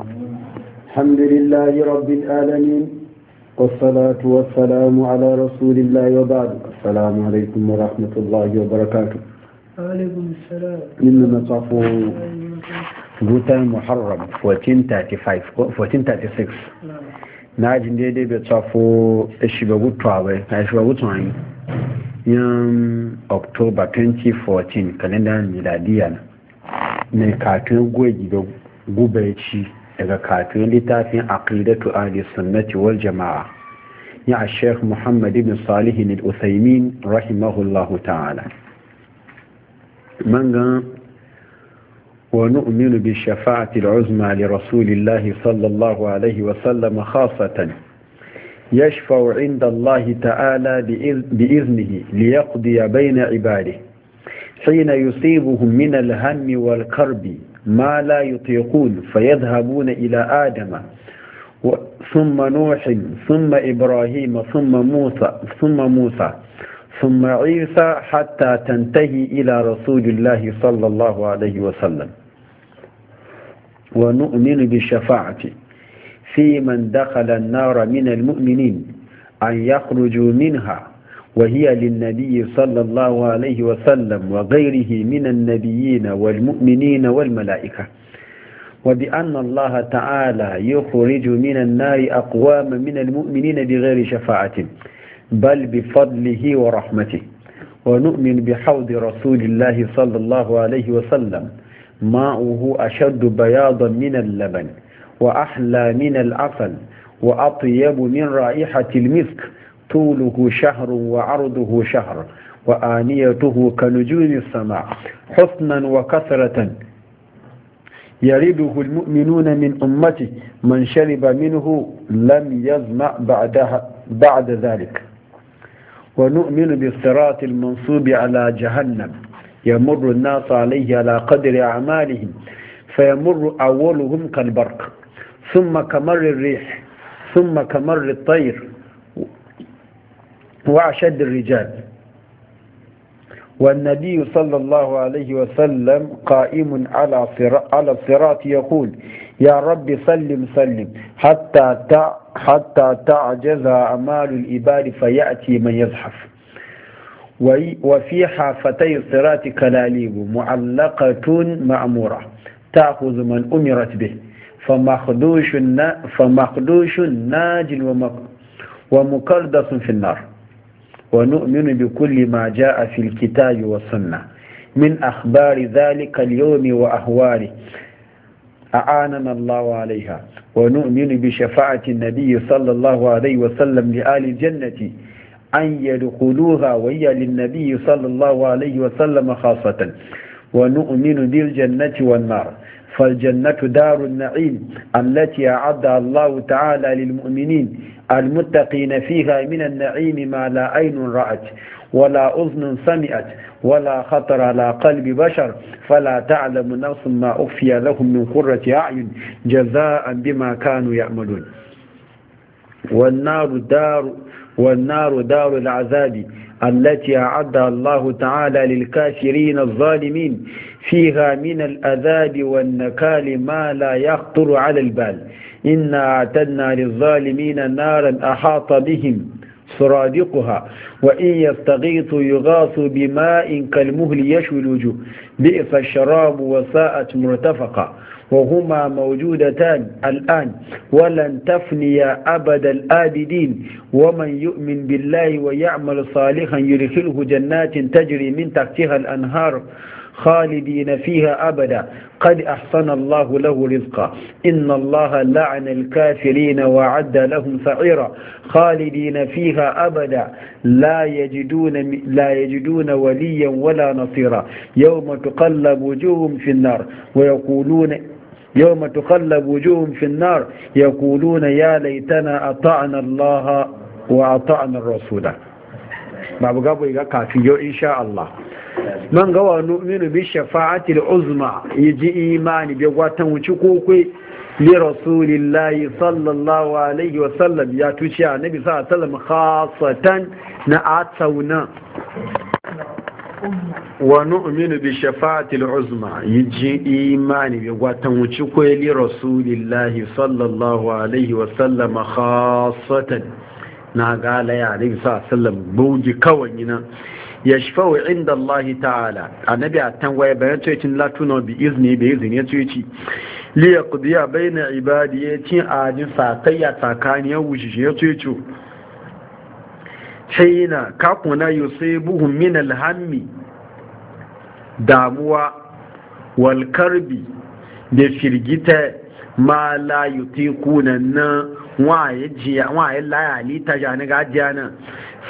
الحمد لله رب العالمين والصلاة والسلام على رسول الله وبعد السلام عليكم ورحمة الله وبركاته عليكم السلام إنما صفو بوتا محرم 1436 na jin daidai bai tsafo shibagutuwa bai na shibagutuwa ne yin october 2014 kalendar miladiya ne katun gube ci daga katun littafin aqidatu ahli sunnati wal jama'a ya a sheikh muhammad ibn Salih al-uthaymin rahimahullahu ta'ala manga wa nu'minu mangan ونؤمن بالشفاعة العظمى لرسول الله صلى الله عليه وسلم خاصة يشفع عند الله تعالى بإذنه ليقضي بين عباده حين يصيبهم من الهم والكرب ما لا يطيقون فيذهبون إلى آدم ثم نوح ثم إبراهيم ثم موسى ثم موسى ثم عيسى حتى تنتهي إلى رسول الله صلى الله عليه وسلم ونؤمن بالشفاعة في من دخل النار من المؤمنين أن يخرجوا منها وهي للنبي صلى الله عليه وسلم وغيره من النبيين والمؤمنين والملائكة وبأن الله تعالى يخرج من النار أقواما من المؤمنين بغير شفاعة بل بفضله ورحمته ونؤمن بحوض رسول الله صلى الله عليه وسلم ماؤه أشد بياضا من اللبن وأحلى من العسل وأطيب من رائحة المسك طوله شهر وعرضه شهر وآنيته كنجوم السماء حسنا وكثرة يرده المؤمنون من أمته من شرب منه لم يظمأ بعدها بعد ذلك ونؤمن بالصراط المنصوب على جهنم يمر الناس عليه على قدر أعمالهم فيمر أولهم كالبرق ثم كمر الريح ثم كمر الطير وأشد الرجال والنبي صلى الله عليه وسلم قائم على على الصراط يقول يا رب سلم سلم حتى حتى تعجز أعمال الإبار فيأتي من يزحف وفي حافتي الصراط كلاليب معلقة معمورة تأخذ من أمرت به فمخدوش فمخدوش ناج ومكردس في النار ونؤمن بكل ما جاء في الكتاب والسنة من أخبار ذلك اليوم وأهواله أعاننا الله عليها ونؤمن بشفاعة النبي صلى الله عليه وسلم لآل الجنة أن يدخلوها وهي للنبي صلى الله عليه وسلم خاصة ونؤمن بالجنة والنار فالجنة دار النعيم التي أعدها الله تعالى للمؤمنين المتقين فيها من النعيم ما لا عين رأت ولا أذن سمعت ولا خطر على قلب بشر فلا تعلم نفس ما أخفي لهم من قرة أعين جزاء بما كانوا يعملون والنار دار والنار دار العذاب التي أعدها الله تعالى للكافرين الظالمين فيها من الأذاب والنكال ما لا يخطر على البال إنا أعتدنا للظالمين نارا أحاط بهم سرادقها وإن يستغيثوا يغاثوا بماء كالمهل يشوي الوجوه بئس الشراب وساءت مرتفقا وهما موجودتان الآن ولن تفني أبد الآبدين ومن يؤمن بالله ويعمل صالحا يرسله جنات تجري من تحتها الأنهار خالدين فيها أبدا قد أحسن الله له رزقا إن الله لعن الكافرين وعد لهم سعيرا خالدين فيها أبدا لا يجدون, لا يجدون وليا ولا نصيرا يوم تقلب وجوههم في النار ويقولون يوم تقلب وجوههم في النار يقولون يا ليتنا أطعنا الله وأطعنا الرسول babu gabo ga kafin yau insha Allah man gawa nu'minu bi shafa'atil uzma yaji imani bi gwatan wuci kokwe li rasulillahi sallallahu alaihi wa sallam ya tuci annabi sallallahu alaihi wa sallam khasatan na atsauna wa nu'minu bi shafa'atil uzma yiji imani bi watan wuci ko li rasulillahi sallallahu alaihi wa sallam khassatan na gala ya nabi sallam buji kawai yana ya shafa'u inda Allah ta'ala annabi a waya bayan tuyacin latuna bi izni bi izini ya tuyaci li yaqdiya bai na ibadi ya cin ajin sakayya tsakaniyar wuce ya tuyaci hina kakuna yusibuhu min alhammi damuwa wal karbi da firgita ma la yutiquna na wa jiya waye la ali ta jani gajiya nan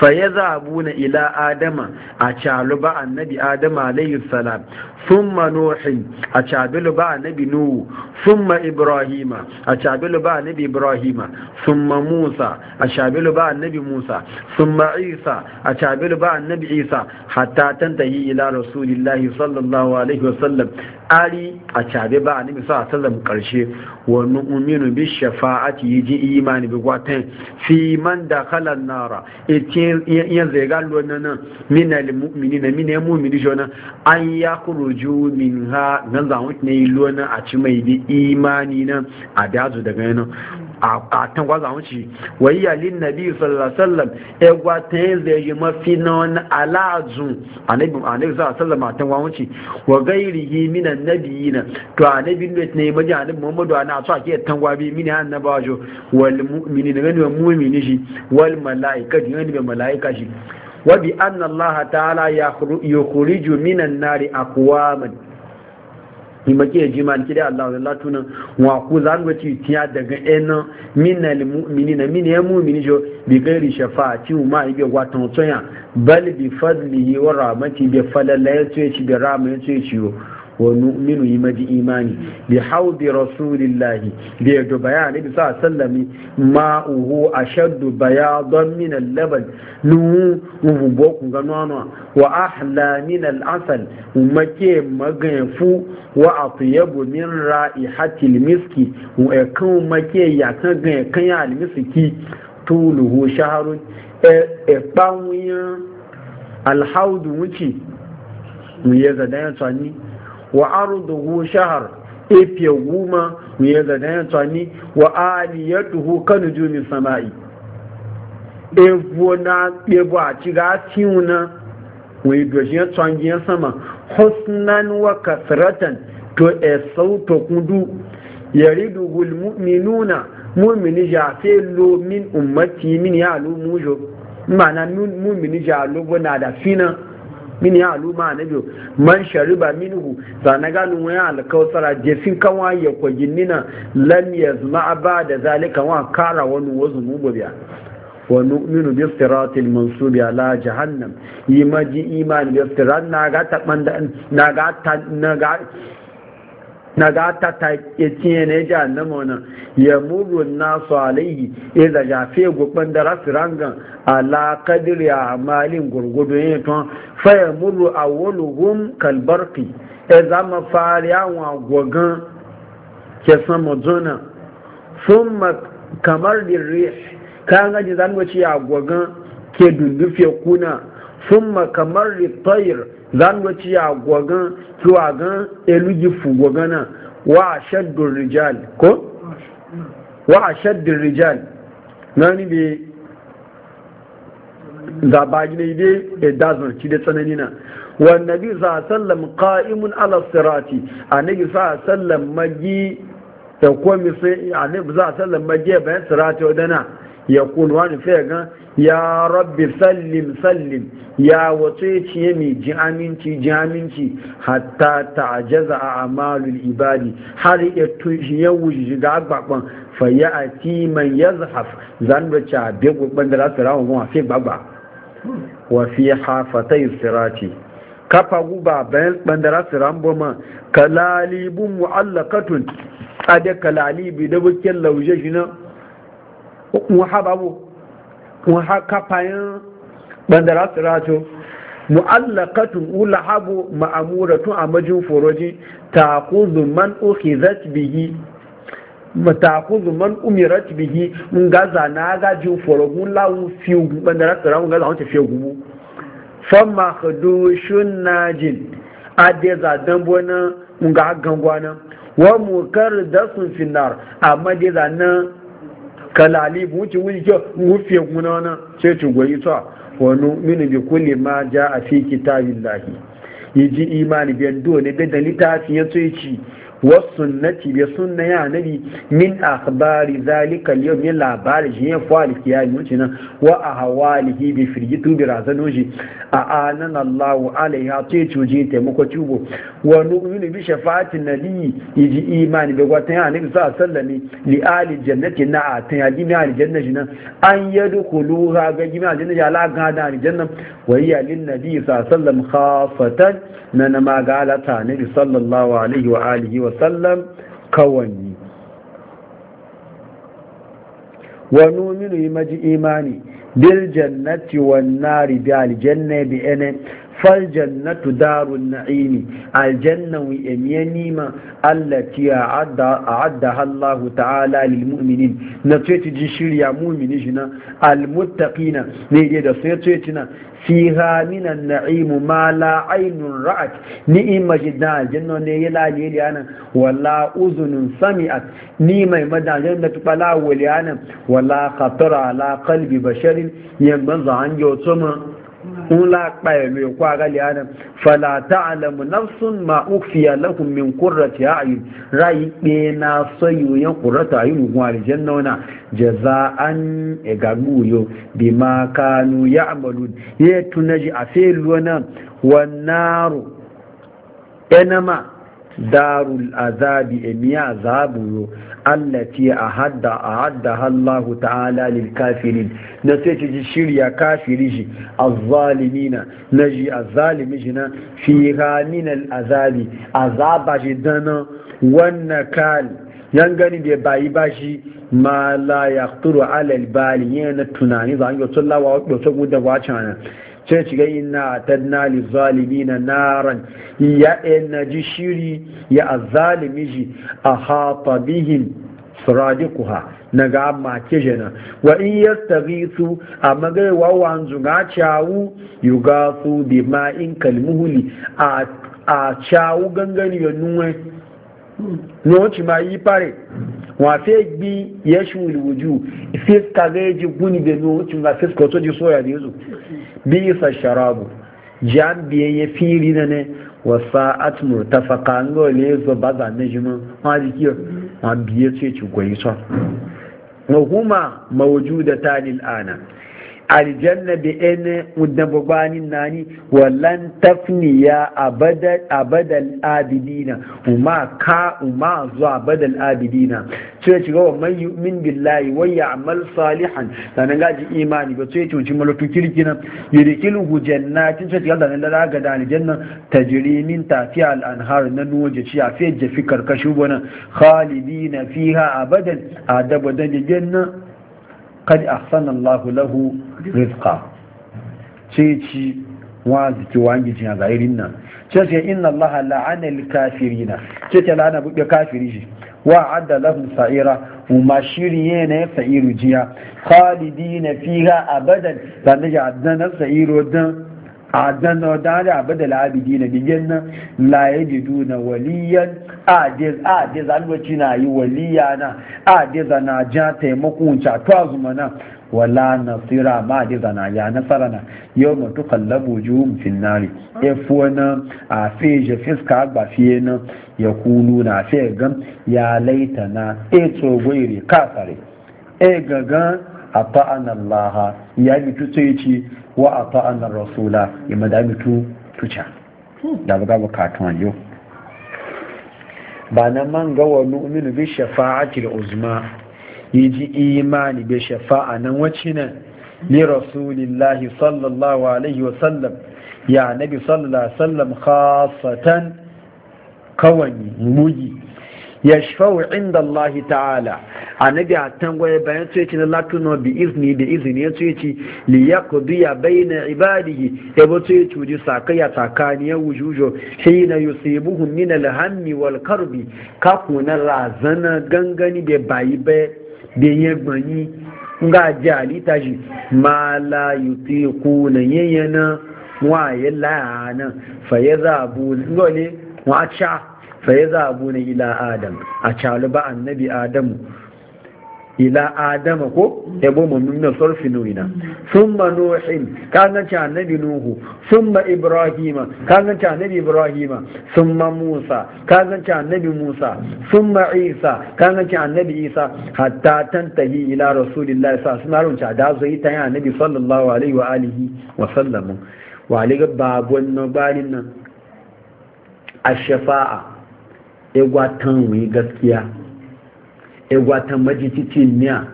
Faya ya zabu na ila adama a calu ba annabi adama alayhi salam thumma nuhin a cabilu ba annabi nuhu thumma ibrahima a cabilu ba annabi ibrahima thumma musa a cabilu ba annabi musa thumma isa a cabilu ba annabi isa hatta tantahi sallallahu alaihi wasallam ari a cabe ba annabi sallallahu alaihi imani bi gwatan fi man nara iya zega lona na nan mina limumini na mina yamu mini shona an ya kuruju min ha nan zahut ne yi lona a ci mai bi imani na a dazu daga yana a tan gwaza wuce wayya lin nabi sallallahu alaihi wasallam e gwa ta zai yi mafi na wani alazun annabi annabi sallallahu alaihi wasallam a tan gwa wuce wa gairihi minan nabiyina to annabi ne ne maji biyu muhammadu ana so ake tan gwa bi mini annabawa jo wal mu'minina gani wal mu'mini shi wal mala'ikatu gani bai mala'ika shi wa bi anna allaha ta'ala yakhriju minan nari aqwaman imaki ya jima ki da Allah Allah tuna wa ku za ga ci tiya daga ena al mu'minina min ya mu'mini jo bi ghairi shafa'ati ma ibe watan toya bal bi fadlihi wa rahmati bi fadalla ya ci bi rahmati ya ciwo Wannu minu ma ji imani. Bi hau bi ya rasulillah, bi ya dubaya Ma uhu a shaddu dubaya don min labar mu bukuku nanuwa. Wa a halayen nan asalin, mu ma ke wa a fiye domin ra'ayi ha tilminki. Mu ɗauke mu ma ke yi kan ganyayyaki a liminki. Tulluhu "E, e kawun ya, alhaudun wuci, mu yi zazzaɓin wa arduhu shahar ife guma ya zaga ya tsani wa aliyatuhu kanu jumi sama'i evo na ebo a ci ga tiuna wani doshi ya tsangi ya sama husnan wa kasratan to e to kudu yaridu mu'minuna mu'mini jafe lo min ummati min ya lu mujo mana mu'mini jalo na da fina min ya aluma na biyu man shariba minhu za na gano wani alkawsara jefin kan waye kwajinnina lam yazma ba da zalika wa kara wani wasu mubabiya wa nu'minu bi siratil mansubi ala jahannam yimaji iman bi sirat na ga taban da na ga na ga ta ta tiye ne ja na mona ya muru su alaihi ya da jafe gubban da rasu rangan ala kadir ya amalin gurgudu yin tun fa ya muru a wani wolugun kalbarki ya zama fari awon gwagan ke sama zona sun ma kamar da rish kayan gaji zanwaci a gwagan ke dundufe kuna sun ma kamar da tayir zanwaci a gwagan zuwa gan elugifu gwagana wa a shaddun rijal ko? wa a shaddun rijal ni be zabagi ne dai a dazin ci da tsanani na wanda bi a sallam ka'imun ala sirati a za a sallam magi ya e komi sai a za sa sallam magi ya e bayan sirati wadana ya kunuwa ni ya gan ya rabbi sallim sallim ya wace ciye mai ji aminci ji aminci hatta ajaza a amalul ibadi har ya tunshi ya wuce shiga agbagban fa ya a timan ya zahaf zan da ci a begwagban da za rawa rawon goma fi gbagba wa fi hafatai sirati kafa guba bayan bandara siran boma kalalibun mu'allakatun a da kalalibi da bukin lauje shi na muhababu kun haka fayin bandara sirato mu'allaqatun ulahabu ma'amuratun a majin foroji takuzu man ukhizat bihi matakuzu man umirat bihi gaza na gaji forogun lawu fi bandara sirato ngaza won ta fi gubu famma khadushun najin adeza dambona ga gangwana wa mukar dasun finnar amma dai zanan kalali buci wulke wufe guna na ce tugoyi ta wani mini bi kulli ma ja a fi kitabin lahi yi ji imani biyan dole da littafin ya tsoye ci wasunnati bi sunna ya nabi min akhbari zalika al-yawm min labari shi ya fa al-qiyam mutum nan wa ahwalihi bi firjitu bi razanuji a anan Allah alaiha ce cuji taimako cubo wa nu'minu bi shafa'ati nabi iji imani bi gwatan ya nabi sallallahu alaihi li ali jannati na atin ya gimi ali jannati na. an yadkhulu ha ga gimi ali jannati ala ga da al wa ya lin nabi sallallahu alaihi wasallam khafatan na ma ga alata nabi sallallahu alaihi wa alihi wa wasallam kawanni wa nominu yi maji imani bil jannati wan nari bi aljanna bi فالجنة دار النعيم الجنة وإميانيما التي أعدها الله تعالى للمؤمنين نتويت جشير يا مؤمنين جنا المتقين نيجد سيتويتنا فيها من النعيم ما لا عين رأت نعيم جدا الجنة نيلا نيلانا ولا أذن سمعت نيما مدى جنة فلا وليانا ولا خطر على قلب بشر ينبض عن يوتما la kpa ya mai kwa gali adam fala alamu. nafsun ma ukhfiya lahum min qurrati a'yun rai be na soyu ya qurrati a'yun wa aljanna wana jaza'an e gagu yo bima kanu ya'malun ye tunaji afelu wana wanaru enama darul azabi emiya azabu yo allati ahadda ahadda Allah ta'ala lil kafirin na sai ci shirya kafiri shi azzalimina naji azzalimi na, fi min al azabi azaba shi dana wannan kal yan gani da bayi bashi ma la yaqturu ala al bali yana tunani zan yi sallawa wa gudan wacana sai shiga ta tanna li na naran ya na ji shiri ya zalimi ji a hata bihim suradikuha na ga make jana wa in su a magaiwa wanzu ga cawu yugasu bi in kalmuhuli a a cawu gangani ya nuwe nuwanci ma yi fare wa fe gbi ya shi wuju, fiska zai ji guni da nuwancin ga fiska wato ji soya da yazo bisa sharabu jan biye ya firi na ne wa sa'at murtafaka ngo le zo baza ne jimu ma jiki ma biye ce ci goyi so wa huma mawjudatani al'ana aljanna bi ene mudan bubani nani wallan tafniya abadal abadal abidina umma ka umma zuwa abadal abidina sai ci ga man yu'min billahi wa ya'mal salihan sanan gaji imani ba sai ci malatu kirkina yudkiluhu jannatin sai ga dan da ga dan janna tajri min tafiya al anhar na waje ci a fi jafi karkashin wannan khalidina fiha abadan adabadan janna a ahsanallahu lahu rizqa ce ci wa ziki wangi jin a zahirin nan ce ce inna allaha la'ana kafirina ce ce la'ana buɗe kafiri shi wa adda lahum sa'ira kuma shirye ne sa'iru jiya na fiha abadan dan da adana sa'iru dan a janna da da abu da labidi na bigin nan la bidu na waliyan a da zanwaci na yi waliya na a da zana ja taimakon catuwa zuma na wala nasira ma da na ya nasara na yau mutu kallabu juhun finnari efu na a feje fiska ba fiye na ya kulu na fiye gan ya laita na eto gwaire kasare e, e gagan a laha ya mitu sai ce wa a rasula ya mada mitu tuca da ba gaba katon yau ba na man ga wa nu'minu bi shafa'atil uzma yi ji imani bi shafa'a nan wacce nan li rasulillahi sallallahu alaihi wa sallam ya nabi sallallahu alaihi sallam khasatan kawani mugi ya shafawo inda Allah ta'ala a na a tangwaye bayan su yace na latunan bi izini da izini ya su yace li ya kudu ya bayyana ibadihi ya bu su yace wuji sakaya tsakaniyar wujujo shi na yusibuhu min alhammi wal karbi kafu na razana gangani da bayi bai da ya gbanyi nga ji alita shi ma la yuti kuna yanyana wa yi la'ana fa ya zabu ne wa a fa ya zabu ne ila adam a cali ba annabi adamu ila adama ko ya yabo mu nuna sarfi nuhina summa nuhin kaga ta annabi nuhu summa ibrahima kaga ta annabi Ibrahim? summa musa kaga ta annabi musa summa isa kaga ta annabi isa hatta tantahi ila rasulillahi sallallahu alaihi wasallam da zai ta annabi sallallahu alaihi wa alihi wa sallam wa aliga babun nan nan ash-shafa'a egwatan wuyi gaskiya egwatan majicicin niya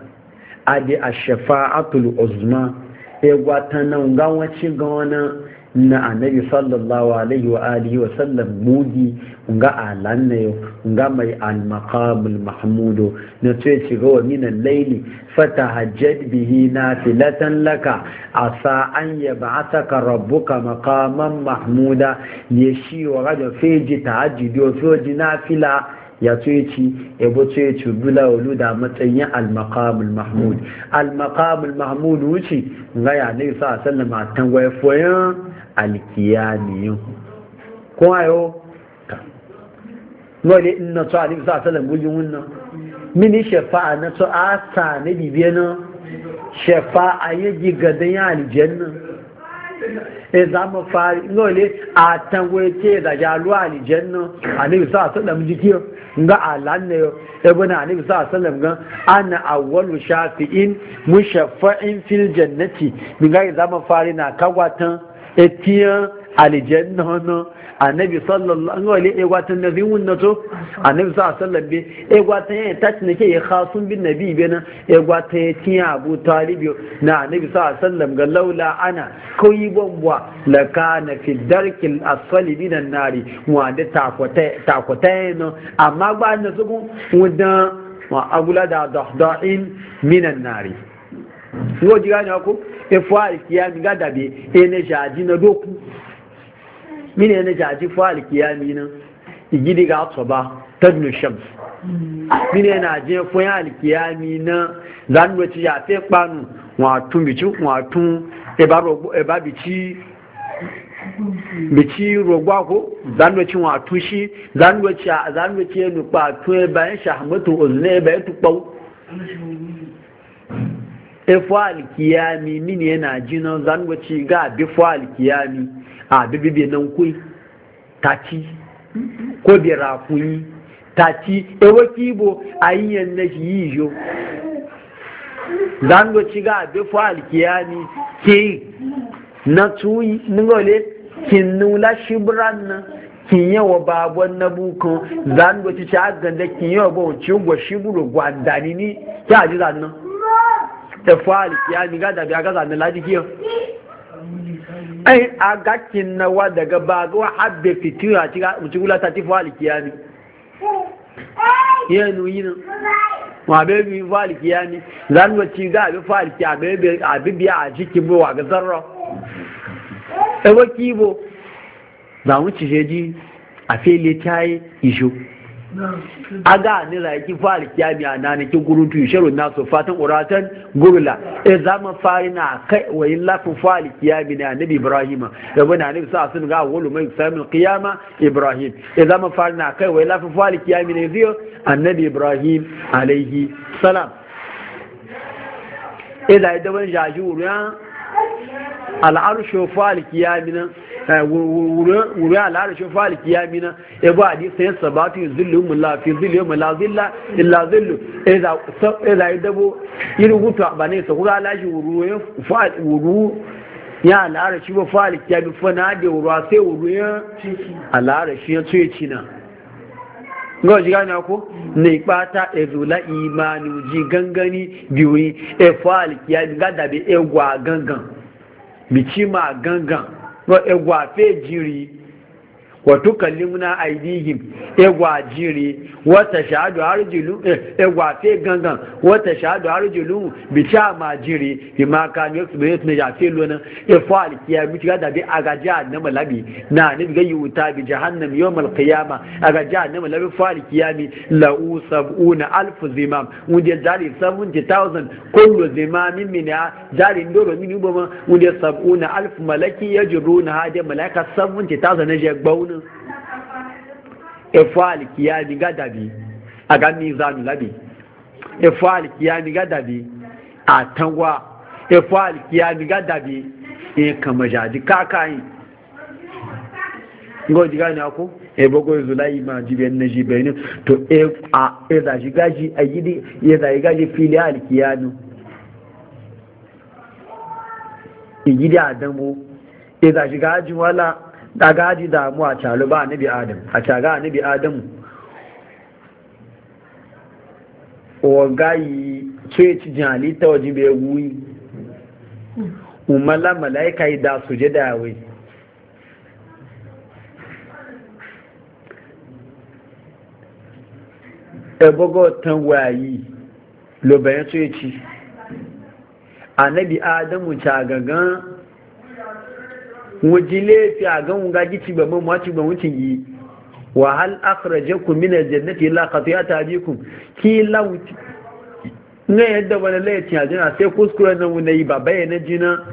adi a atul uzma egwatan nan gawancin gawanan na annabi sallallahu alaihi wa alihi wa sallam mudi nga yo nga mai al maqamul mahmudu na ce ci ga wa minan laili fatahajjad bihi nafilatan laka asa an yab'ataka rabbuka maqaman mahmuda shi wa gajo feji tahajjudi wa feji nafila ya ci yabo e ci bula wulu da matsayin al-maqamul mahmud mm. al-maqamul mahmud wuce ga ya ne sa sallama tan waya foyan alkiyamiyin kuma yau wale ina to alif sa salam bujin wannan mini shafa'a na to asa na bibiye na shafa'a ya ji gadan ya aljanna e za mu fari wale a tangwace da jalu aljanna alif sa salam jikiyo nga alanne yo ibn e anabi sallallahu alaihi wasallam gan ana awalu shafi'in mushaffa'in fil jannati min ga zama fari na kagwatan etiyan alijanna hono annabi sallallahu alaihi wasallam egwatan nabi wunna to annabi sallallahu alaihi wasallam be egwatan ya tach ne ke ya khasun bin nabi be na egwatan ya tiya abu talib na annabi sallallahu alaihi wasallam ga laula ana koyi bombwa la kana fi darkil asfali min an-nari wa da takwata takwata no amma ba na sugun wudan wa agula da dahdain min an-nari wo jiga ne ko efu alikiyami gadabe ene jaji na doku mini ene jaji fu alikiyami nan igidi ga atoba tabnu shams mini ene aji fu alikiyami na zanu ci ya fe panu wa tun bici wa tun e ba bici bici rogwa ko zanu ci wa pa tun e ba en shahmatu uzne e ba tu efu alkiyami mini yana jinan zanwaci ga bifu alikiyami, abe bebe na kwai taci ko bi rakuni taci ewe kibo a yin na shi yi yo zanwaci ga bifu alikiyami, ke na tuyi ningole kin nula shibran nan kin yawa babon na bukun zanwaci ci aganda kin yawa bawon ciwo shiburu gwandani ni ya ji zannan ta fali ya mi gada biya gaza na ladikiyo ai a gakin na wa daga ba ga habbe fitira tiga mutugula ta ti fali kiyami yenu yin wa be bi fali kiyami zan wa ci ga bi fali abe be abi biya a jiki bo wa ga zarra e wa bo za mu ci ji a fele tai ijo. A ga ni raki fari na a nanakin gurutu na nasu fatan uratan gurula e zama fari na kai wai lafin fari kiyami na nabi ibrahima da bana nabi sa sun ga wulu mai samin kiyama ibrahim e zama fari na kai wai lafin fari kiyami ne zio annabi ibrahim alaihi salam e da idan jaji wurin al'arshu fari kiyami wuri al'arashin fa'al kiyami na ya ba hadis sayan sabatu zillu mulla fi zillu mulla zilla illa zillu ya yi dabo yin hutu ba ne sa kuka alashi wuri fa'al wuri shi al'arashi ba fa'al kiyami fa na da a sai wuri ya al'arashi ya tsoye cina ga ji gane ko ne kpata ezula imanu ji gangani biyu e fa'al kiyami gada bi egwa gangan bi ci ma gangan egwa fe jiri Wa kallimuna aidihim egwa jiri wata shahadu arjulu egwa e fe gangan wata shahadu arjulu bi cha ma jiri bi ma ka ne su be ne ya fe lona e fali al kiyami ga da bi agaja na malabi na ne ga yuta bi jahannam yawm al qiyama agaja na malabi fa al kiyami la usabuna alf zimam wunde dali 70000 kullu zimamin min dali ndoro min ubama ma sabuna alf malaki yajruna hada malaka 70000 ne je gbau wani ẹ̀fọ́ alikiya ni gádàbí a ga labi efuwa ni gádàbí àtànwà ẹ̀fọ́ efuwa ni gádàbí in kama jadi kakayi ngo jiga ni ako ebogo ma jibe jibe ne to daga ji damu a calo ba nabi adam a caga nabi adam wagayi ce ci jali ta waje bai wuyi umala malaika yi da su da yawai ebogo tan wayi lobayen ce ci a nabi adamu cagagan wajile fi a gan wunga gici ba mun waci ba wucin yi wa hal akhrajakum min aljannati illa qati'at abikum ki law ne yadda wani laifin a jina sai kuskuren nan wuna yi ba bayyana jina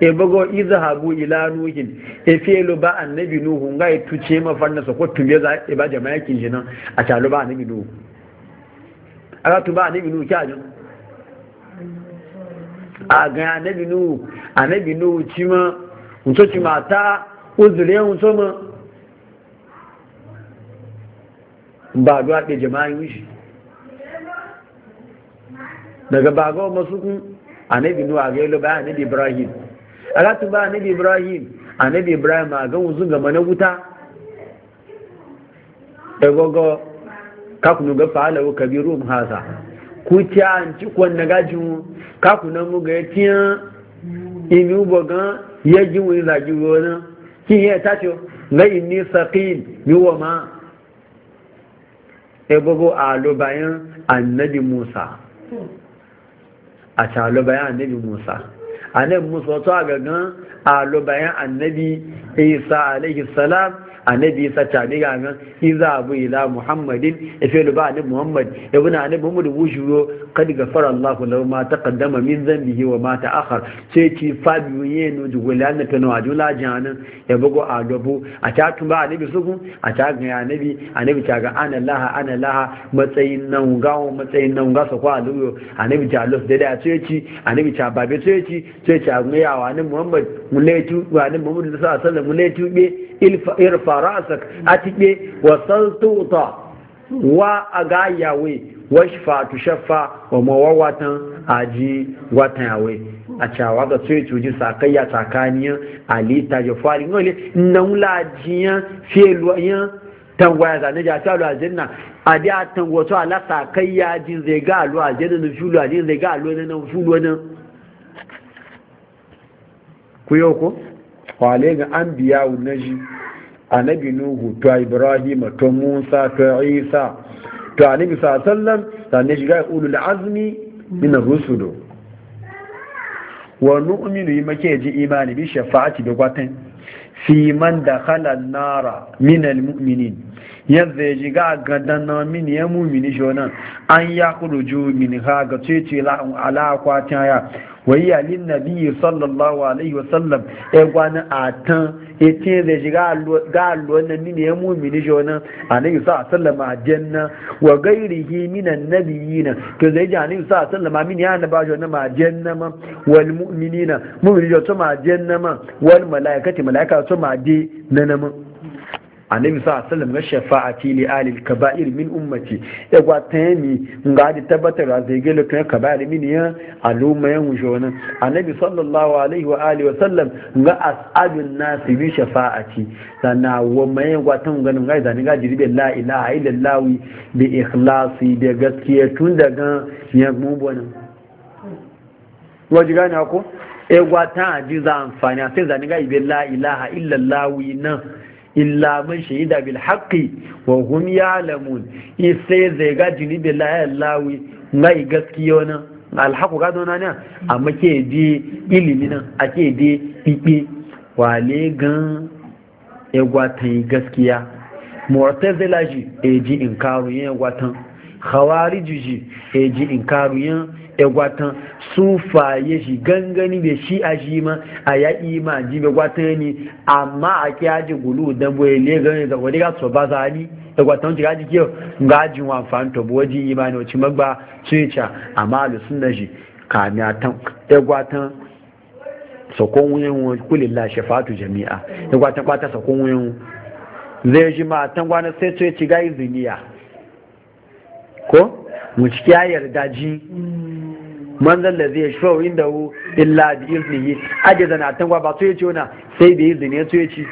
e bago izhabu ila nuhin e felo ba annabi nuhu ngai tuce mafarna so ko tumbe za e ba jama'a kin jina a talo ba annabi nuhu aka tu ba annabi nuhu kya jin a ga annabi nuhu annabi nuhu cima nso ci ma ta uzuri yawon soma ba duwa ɗe jama'in wishi daga baga wa masu kun anabi nuwa ga yalo bayan anabi ibrahim alatu ba anabi ibrahim anabi ibrahim a gan wuzun gama na wuta ɗagogo e kakunu ga fa'alawo kabiru hasa ku ci an ci kwan na gajin kakunan mu ga ya tiyan imi ubogan ya ji wani zagi wani kin ya tashi na inni yi ma ya e a bayan annabi musa a bayan annabi musa annabi musa a gangan a bayan annabi isa alaihi salam annabi sa ta ne ga nan iza abu ila muhammadin lu ba ni muhammad ibn annabi muhammad wujuro kad gafara allah lahu ma taqaddama min dhanbihi wa ma ta'akhkhar sai ci fabiyu yenu jugula na tano ajula janan ya bugo adobu a ta ba annabi ku, a ta ga annabi annabi ta ga ana laha ana laha matsayin nan gawo matsayin nan gasa kwa aluyo annabi ta los da da sai ci annabi ta babe sai ci sai ta ga wa ni muhammad tu wa ni muhammad sallallahu alaihi wasallam tu be irfa a atibe wa saltuta wa a agayawe wa shifa shafa wa mawawatan aji watan yawe a cewa ga tsoye cuji sakayya tsakanin alita ya fari ngole nan lajiyan feluyan tangwaya zane ja ta lajin na a da tangwa to ala sakayya jin zai ga alu ajin nan fulu ajin zai ga alu nan fulu nan ku yau ko kwale ga an biya wunaji annabi nuhu to ibrahim to musa to isa to annabi sallam sanne shiga ulul azmi min ar-rusul wa nu'minu yimake ji imani bi shafa'ati da gwatan fi man dakhala an-nara min al-mu'minin yadda ya ga gadan na min ya mu'mini shona an ya kuruju min ha ga ce ce ala ya wayya lin nabiyyi sallallahu alaihi wa wasallam e gwana atan e tin da shiga ga allo na ni ne mu'mini jona alaihi sallam a ajanna wa ghairihi minan nabiyyin to zai ji alaihi sallam min ya na ba jona ma janna ma wal mu'minina mu'mini jona ma janna ma wal malaikati malaika to ma di nanama annabi sa sallam ga shafa'ati li alil kaba'ir min ummati ya ta taymi nga di tabbatar da gele kan kaba'ir min ya aluma ya wujona annabi sallallahu alaihi wa alihi wa sallam ga as'abun nas bi shafa'ati sana wa mai gwa tan ganin ga zane ga jiribe la ilaha illallah bi ikhlasi da gaskiya tun daga ya mubona waji gane ko e gwa ta ji za amfani sai zane ga ibe la ilaha illallah na. illa man shahida bil haqqi wa hum ya'lamun isse zai ga jini bi la ngai gaskiya wannan alhaqu ga dona ne amma ke je ilimi nan ake je pipi wale gan egwatan gaskiya mu'tazila ji eji inkaru yin egwatan khawariji ji ji inkaru yin egwatan sufaye shi gangani da shi a shi ma a ya ima ji bai gwata ni amma a ke aji gulu da bai le gani da wani gasu ba za ni da kwata wani gaji kiyo ga ajin wa amfani to waji ne wacce magba sun ca amma da sun na shi kami a tan ya gwata sakon wuyan kulin la shafatu jami'a ya gwata kwata sakon wuyan zai shi ma tan gwana sai su ya ci ga iziniya ko mu ciki ya yarda ji manzan da zai shawo da hu illa bi a aje zana tangwa ba so yace wuna sai da izini ya so yace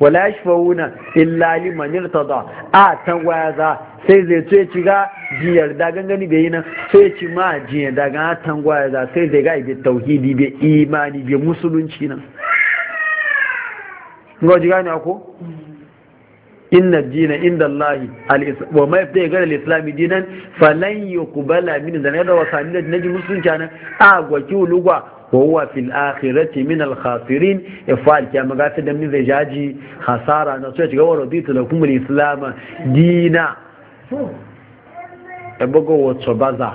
wala yashfauna illa manyan irtada a tangwa za sai zai so yace ga jiyar da gangani bai yi nan yace ma ji yarda a tangwa za sai zai ga ibe tauhidi be imani be musulunci nan ngoji ko inna dina inda Allah wa ma yafta ga al dinan falan yuqbala min zanada da na naji musulunci nan a gwaki ulugwa wa huwa fil akhirati min al-khasirin ifal kiya magafi da min zai jaji hasara na so ya shiga wa bitu da kuma islam dina ebogo wato baza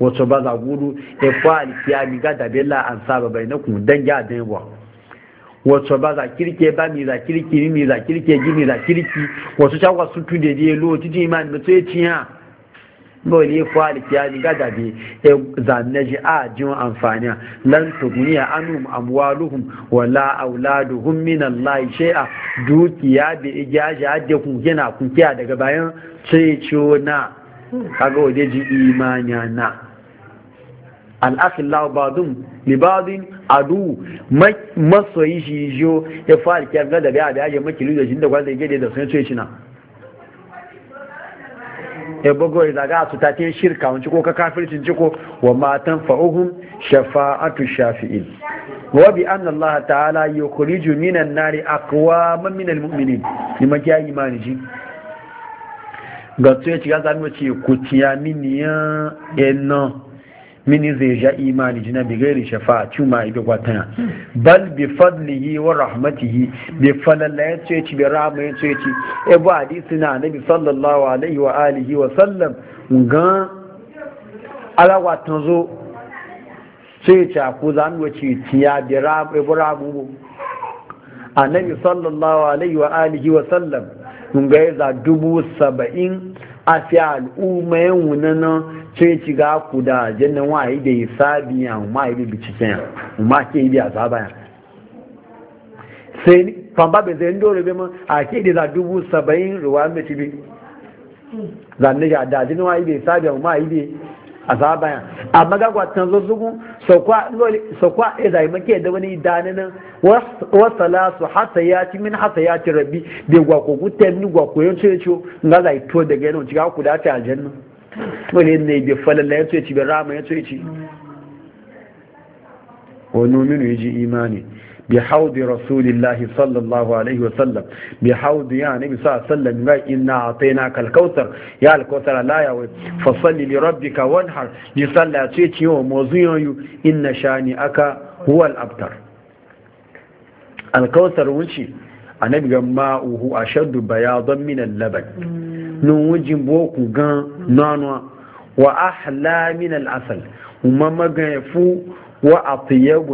wato baza gudu ifal kiya mi ga bella an saba kuma dan ya dan yawa wato ba za kirke ba mi za kirke ni mi za kirke ji mi za kirke wato ta wasu tu da biye lo ti jima ni to ci e ha bo ni fa li e ya ni ga da bi e za ne ji a ji amfani lan to guniya anum amwaluhum wala auladuhum min Allah shay'a dukiya bi ijaji e hadde kun yana kun kiya daga bayan sai ciwo na kaga waje ji imani na al'afillah badun libadin adu masoyi shi yo ya fara kiyar da biya da yaje makilu da shi da kwanza gede da sun ce shi na Ya bugo ya zaga su ta tin shirka wanci ko ka kafircin ciko wa matan fauhun shafa'atu shafi'in wa bi an Allah ta'ala ju minan nari aqwaman minal ni liman ya imani ji ga tsoye ci ga zanuci ku tiyaminiyan nan mini zai ja imani jina bi gairi shafa'a cuma ibe kwatana bal bi fadlihi wa rahmatihi bi falalla ya ce ci bi rahama ya ce ci e bu hadisi na bi sallallahu alaihi wa alihi wa sallam ga alawa zo sai ci ku zan wuce tiya bi rahama e bu ramu annabi sallallahu alaihi wa alihi wa sallam mun ga ya za dubu saba'in a fi al'umma yin wunanan sai ci ga ku da jannan wa yi da hisabi ya ma yi bi cikin ya ma ke yi biya zaba ya sai famba bai zai dole bai ma a ke da dubu saba'in ruwa mai ci bi zanne ya da jannan wa yi da hisabi ya ma yi bi azaba ya amma ga gwatan zuzzugu kwa ya zai maki da wani idanun wasala lasu hata ya ci min hata ya ci rabi bai gwako gutan ni gwako yin ce ce nga zai to daga yanon cika ku dace a jannu wani ne bi falala ya ce ci bai rama ya ce ci wani nominu ya ji imani bi haudi rasulillahi sallallahu alaihi wa sallam bi haudi ya nabi sa sallam ma inna atayna kal kautar ya al kautar la ya wa fa salli li rabbika wa anhar sallace salati ti yo mozuyo yu inna shani aka huwa al abtar al kautar wuci anabi ga ma uhu ashadu bayadan min al laban nu wujin boku gan wa ahla min al asal umma magayfu wa wa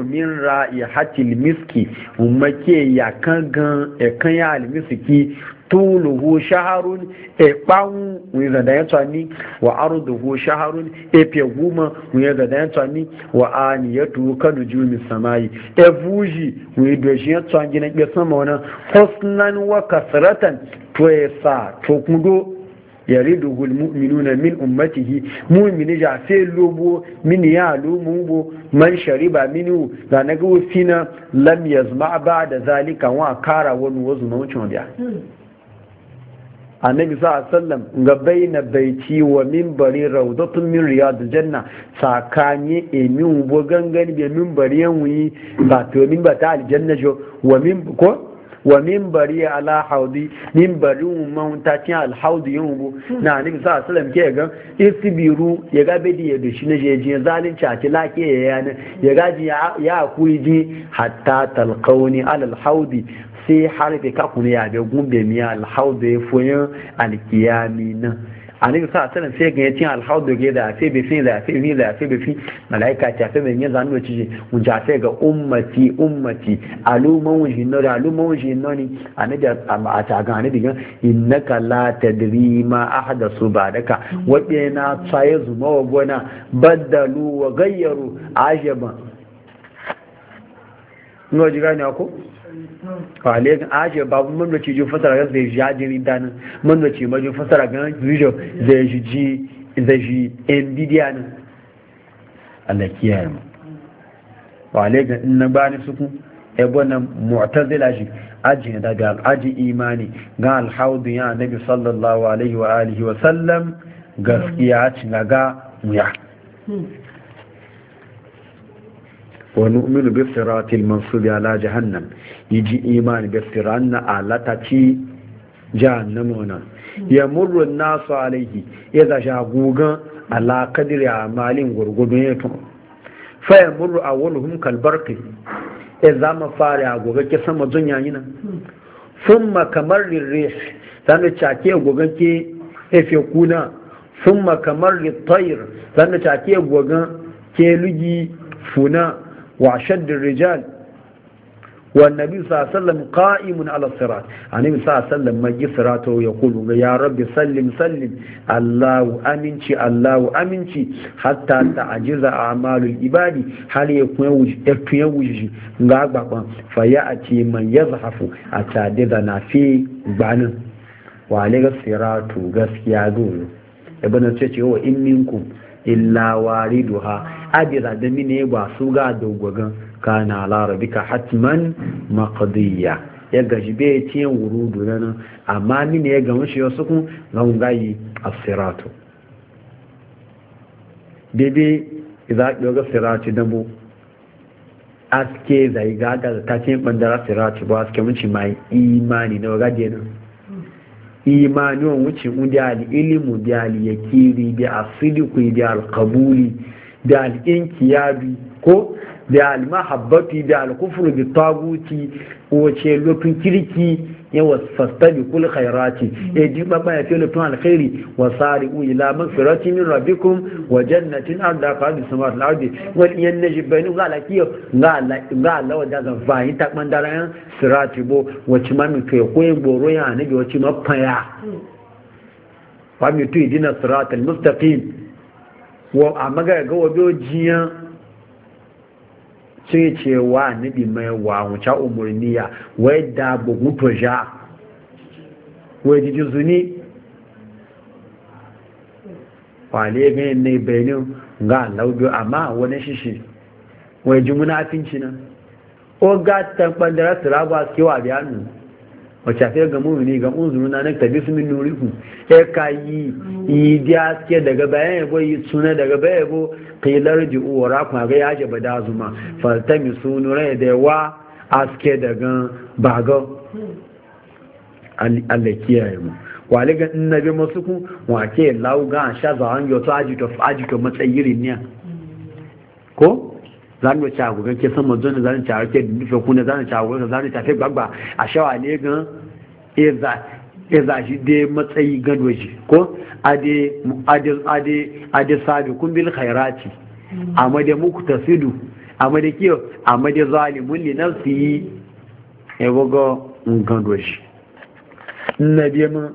min ra ya ra'ihatil miski umake ya kan gan e kan ya al miski tuluhu shaharun e pawu wi da dan tsani wa arduhu shaharun e pe guma wi da dan tsani wa aniyatu kadu jumi samai e vuji wi do shi tsani na gbe sama wannan husnan wa kasratan to esa to kudo yariduhu almu'minuna min ummatihi mu'mini ja sai lobo min ya lumu bo man shariba minu da naga wasina lam yazma ba da zalika wa kara wani wazu na wucin wadiya annabi sa sallam ga baina baiti wa minbari rawdatun min riyadil janna sakanye emin bo gangan be minbari yanwi ba to min ba aljanna jo wa min ko wa mimbari ala haudi minbari umman ta cin alhaudi yin ubu na anabi sa salam ke ga isibiru ya ga da ya dushi na jeji zalunci a ci lake ya yana ya gaji ya kuyi ji hatta talqauni ala alhaudi sai harbe kakuni ya be gumbe miya alhaudi ya foyin alkiyami nan annabi sa sallan sai ga yacin alhaudu ga da sai bi fi da sai bi da sai bi fi malaika ta sai mai yanzu annabi ce mu ja sai ga ummati ummati aluman wajhin nori aluman wajhin nori annabi a ta ga annabi ga innaka la tadri ma ahdathu ba'daka wabe na tsaye zuma wa gona baddalu wa gayyaru ajaba ngo ne ako kwale kan babu manda ce fasara ga zai ja jiri danin manda ce majin fasara ga rijo zai ji ji zai ji nvidia nan Allah kiyaye mu kwale kan in na bani suku ebo nan mu'tazila shi aji daga aji imani ga alhaudu ya nabi sallallahu alaihi wa alihi wa sallam gaskiya ci ga muya hmm. wani umarni bai tsira til mansu ya la jahannan yi ji imani bai tsira na alata ci jahannamu nan ya murru nasu alaihi ya zashi agugan alakadir ya malin gurgudun ya tun fa ya murru a wani hun kalbar ka zama fara agoga ke sama zun yayi nan sun ma kamar rirre za mu cake agogan ke efe kuna sun ma kamar rittayir za mu cake agogan ke lugi funa Wa shan dirija wa Namibus a sallan mu ka'imun Alkassirat? An sa, a sallan mu maƙisar ta Kulu. Ya rabbi sallin, sallin. Allahumma aminci, Allahumma aminci. hatta ta a jira ibadi har ya kuma ake manyan zahafu a cakadana fi banin. Wa alaƙa Siratu gaskiya dole. Ibrahim ta ce yawanci imanku. illa wariduha adiza da mine ba su ga dogwagan kana larabika hatman maqdiya ya gaji be tiyan wurudu nan amma mine ya gamu shi wasu kun gawun gayi asiratu bebe idan ga sirati bu aske zai ga ga ta ce bandara sirati ba aske mun ci mai imani da ga dena imani wa wuce mu da al'ilimu da al'yakiri da asiliku da al'kabuli da bi ko da al'mahabbati da al'kufuru da taguti wace lokin kirki yawa fastabi kul khairati mm. e di baba ya tele tun alkhairi wa sari'u ila magfirati min rabbikum wa jannatin arda qad samawati al-ardi wal mm. yanji bainu ga la kiyo ga la ga la wa daga vai ta mandara sirati bo wace ma mi ke ko gboro ya ne bi wace ma paya mm. wa mi tu idina siratal mustaqim wa amaga ga wa biyo jiyan sai cewa nabi mai wa wuce umarniya wai da bugutu ja wai ji jizuni kwale ganin ne benin ga laubi amma wani shishi wai ji munafinci na o ga tambar da kewa biya wacce ga mumini ga unzuru na nan tabi su min nuriku ya ka yi yi aske daga bayan yabo yi suna daga bayan yabo kilar ji'u wa rakun ga ya je da zuma falta mi su nura da yawa aske daga baga Allah kiyaye mu wale ga innabi masu ku wake lauga sha za an yoto ajito ajito matsayiri ne ko zan da cha gugan ke san manzo ne zan cha ke dufe kuna zan cha gugan zan cha fe gbagba a shawa ne gan eza eza shi de matsayi gado shi ko ade ade ade ade sabiqun bil khairati mm. amma da muku tasidu amma da kiyo amma da zalimun li nafsi e bogo ngando shi nabi mu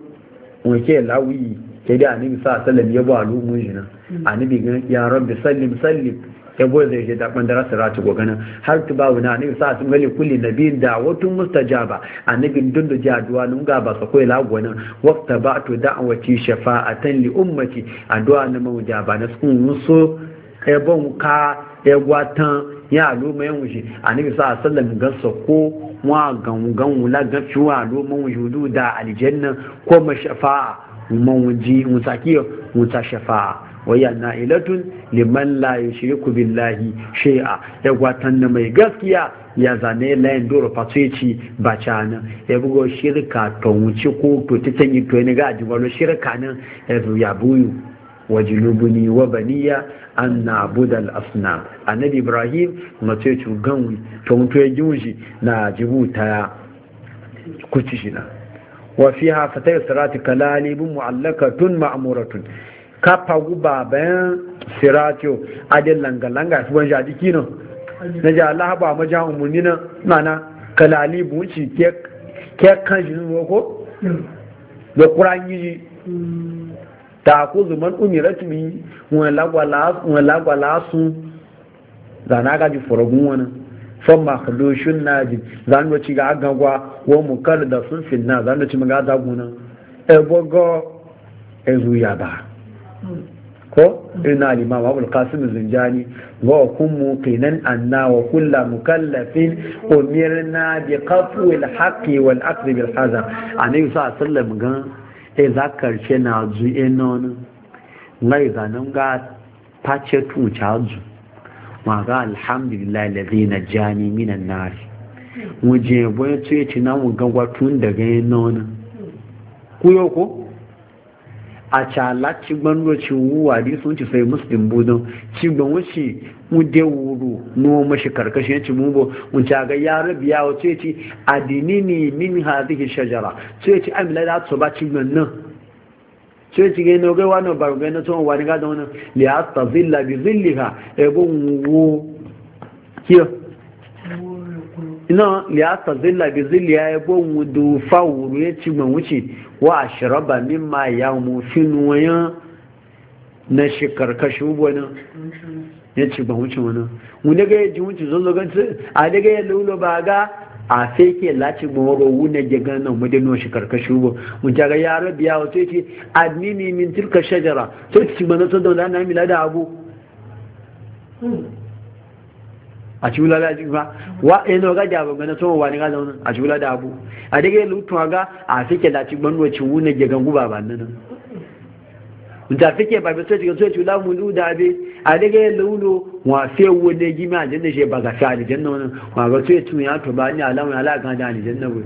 wake lawi ke da annabi sallallahu alaihi wasallam ya ba lumun shi na mm. annabi ga ya rabbi sallim sallim ya boye zai shi daɓan da rasu ratu goganin har tu babu na annabi sa'a sun gali kulli biyu da wata mustajaba annabin dundu jaduwa nun ga ba sakwai lagwanin wakta ba to a shafa'atan li ummati addu'a na mawujaba na sun so ebon ka gwatan ya aluma yan wuce annabi sa sallam ga sako wa gangan wula ga fiwa aluma wujudu da aljanna ko mashafa'a mawuji wuji mutakiyo mutashafa'a wayan na ilatun liman la yushriku billahi shay'a ya gwatan na mai gaskiya ya zane layin doro fatoci ba cana ya bugo shirka to wuce ko to ta to ne ga ajibalo shirka nan ya buyu wajinubuni wa baniya an na budal asnam annabi ibrahim mace ce ganwi to mutu ya giwushi na jibuta kuci shi na wa fiha fatayar sarati kalalibin mu'allakatun ma'muratun kafa guba bayan siratio adin langalanga su ban jadi kino na ji Allah ba maja umarni na mana kalali bunci ke ke kan jinu ko da qur'an yi ta ku zuman umiratu bi la wala su zana gaji furagun wani son makadoshin naji zanuwa ci ga agagwa wa mukar da sun finna zan ci maga zagunan ebogo ezu ya ba ko ina limam abul qasim zinjani wa kun muqinan anna wa kullu mukallafin umirna bi qatwi al haqqi wal akhdh bil hazar annabi sa sallam gan e zakarce na ju enon ngai zanun ga pace tu chaju ma ga alhamdulillah alladhi najani minan nar muje boye tuye cinan mu gangwa tun daga enon kuyo ko a cala cigban roci wuwa di sun ci sai muslim ci cigban wuce mu de wuru no mashi karkashin ya ci mubo mun ci ga ya rabi ya wace ci adinini min hadhihi shajara sai ci amila da su ba cigban nan sai ci ga no ga wani ba ga na tsohon wani ga da wannan li astazilla bi zillaha e bo wo kiyo ina liyata zilla bi zilliya ya bon wudu fawuru ya ci man wuce wa ashraba mimma ya mufin waya na shikarkashi wani ya ci man wuce wani wani ga ya ji wuce zan gan ci a daga ya lulo ba ga a sai ke lati mawaro wuna ya gan mu da nuwa shikarkashi wani wata ga ya rabi ya wato ya ce admini min tilka shajara sai ci mana sun da na ana mila da abu a ci wula da ba wa eno eh, ga da bangana to wani ga zauna a ci da abu a daga lutu ga a fike da ci banno ci wuna ge gangu ba ban nan da fike ba ba sai ga ci wula mu lu da be a daga lulu wa fe wone gi ma jin da ba ga sa ni janna wannan wa ga to tu ya to ba ni alamu ala da ni janna bu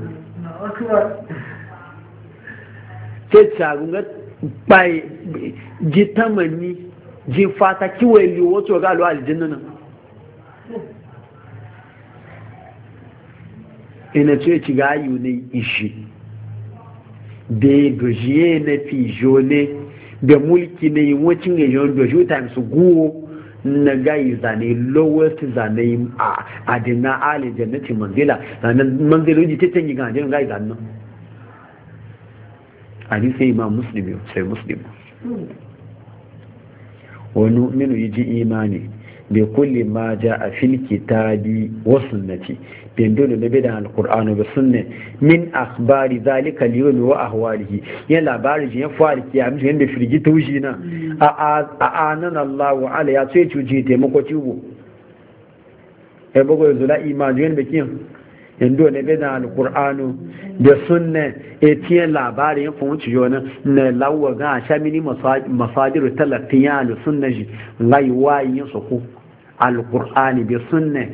sai ta gunga bai ji tamani ji fata kiwe liwo to ga lu nan ina ce ci gayu ne ishi da dojiye na fijo da mulki ne wacin ga yon doji time su guwo na gayi zane lowest zane a adina ali jannatin mandela zanen manziloji ta canji ga ajiyar gayi zanen ali sai imam muslim sai muslim hmm. wani minu yi ji imani bi kulli ma jaa fil kitabi wa sunnati bin dole da bidan alquran wa sunna min akhbari zalika al wa ahwalihi ya labari ya fari kiyam shi da firgi taushi na a anan Allah wa ala ya ce cuji taimako ciwo e bugo zula imani yan bikin yanzu ne bai da alkur'anu da sunne etiyan labarin yankun wuce yana na lawa ga a sha mini masajiru talafin ya da shi layi wayin yin soko alkur'ani bi sunne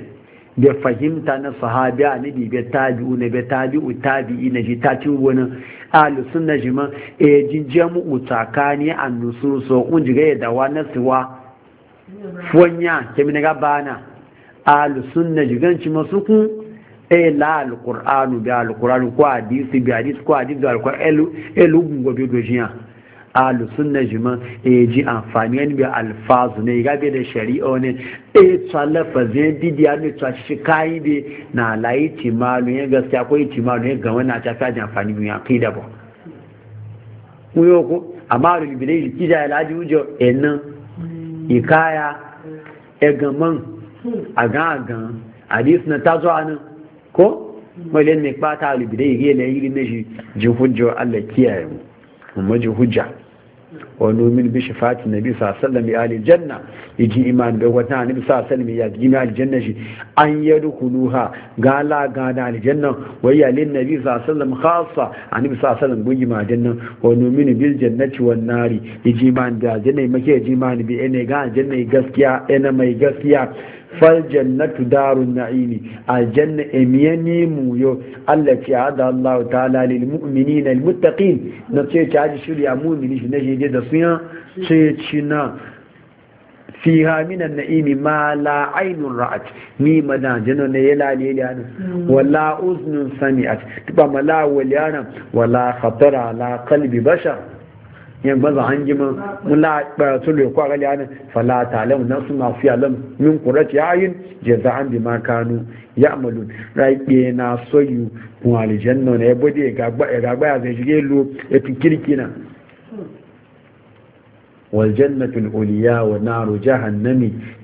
da fahimta na sahabi a nabi bi tabi'u na bi u tabi na ji ta ci wani alu sunna ji ma e ji jamu tsakani an nusur so un ji gaya dawa na siwa fonya ke mi ga bana alu sunna ji gan ci masu kun e la alkur'anu bi alkur'anu ko hadisi bi hadisi ko hadisi alkur'anu elu gungo bi dojiya ahlu sunna jima e ji amfani wani bi alfazu ne gabe da shari'a ne e tsa lafazin bidiya ne tsa shi kayi na layi timalu ya gaskiya ko timalu ya ga wannan ta kaji amfani bi da ba mu yoko amma ru bi dai kida la laji ujo enan ikaya egaman agan agan hadis na tazo anan ko mai len ne kpata alibidai yi ne shi jin hujjo Allah kiyaye mu maji hujja wani min bi shifati nabi sallallahu alaihi wasallam janna yaji iman da wata nabi sallallahu alaihi ya ji na aljanna shi an yadkhuluha gala gada aljanna wa ya lin nabi sallallahu alaihi wasallam khassa annabi sallallahu alaihi wasallam ma janna wa nu'minu bil jannati wan nari yaji iman da janna make yaji iman bi ene ga yana gaskiya ene mai gaskiya fal jannatu darun na'imi aljanna emiyani mu yo Allah ce hada Allah ta'ala lil mu'minina al muttaqin na ce ta ji shirya mu'mini shi ne je da suya ce cina Fi min naimi ma la aynun ra'at ni madan jano ne yala lelana wala uznun sami'at tuba mala walyana wala khatara ala kalbi bashar yan baza hangi mun mula baratu le kwa gali anan fala talam nan suna fi alam min qurati ayin jaza'an bima kanu ya'malu raibe na soyu kun aljanna ne bode gagba gagba ya zai shige lu e kirkina والجنة العليا ونار جهنم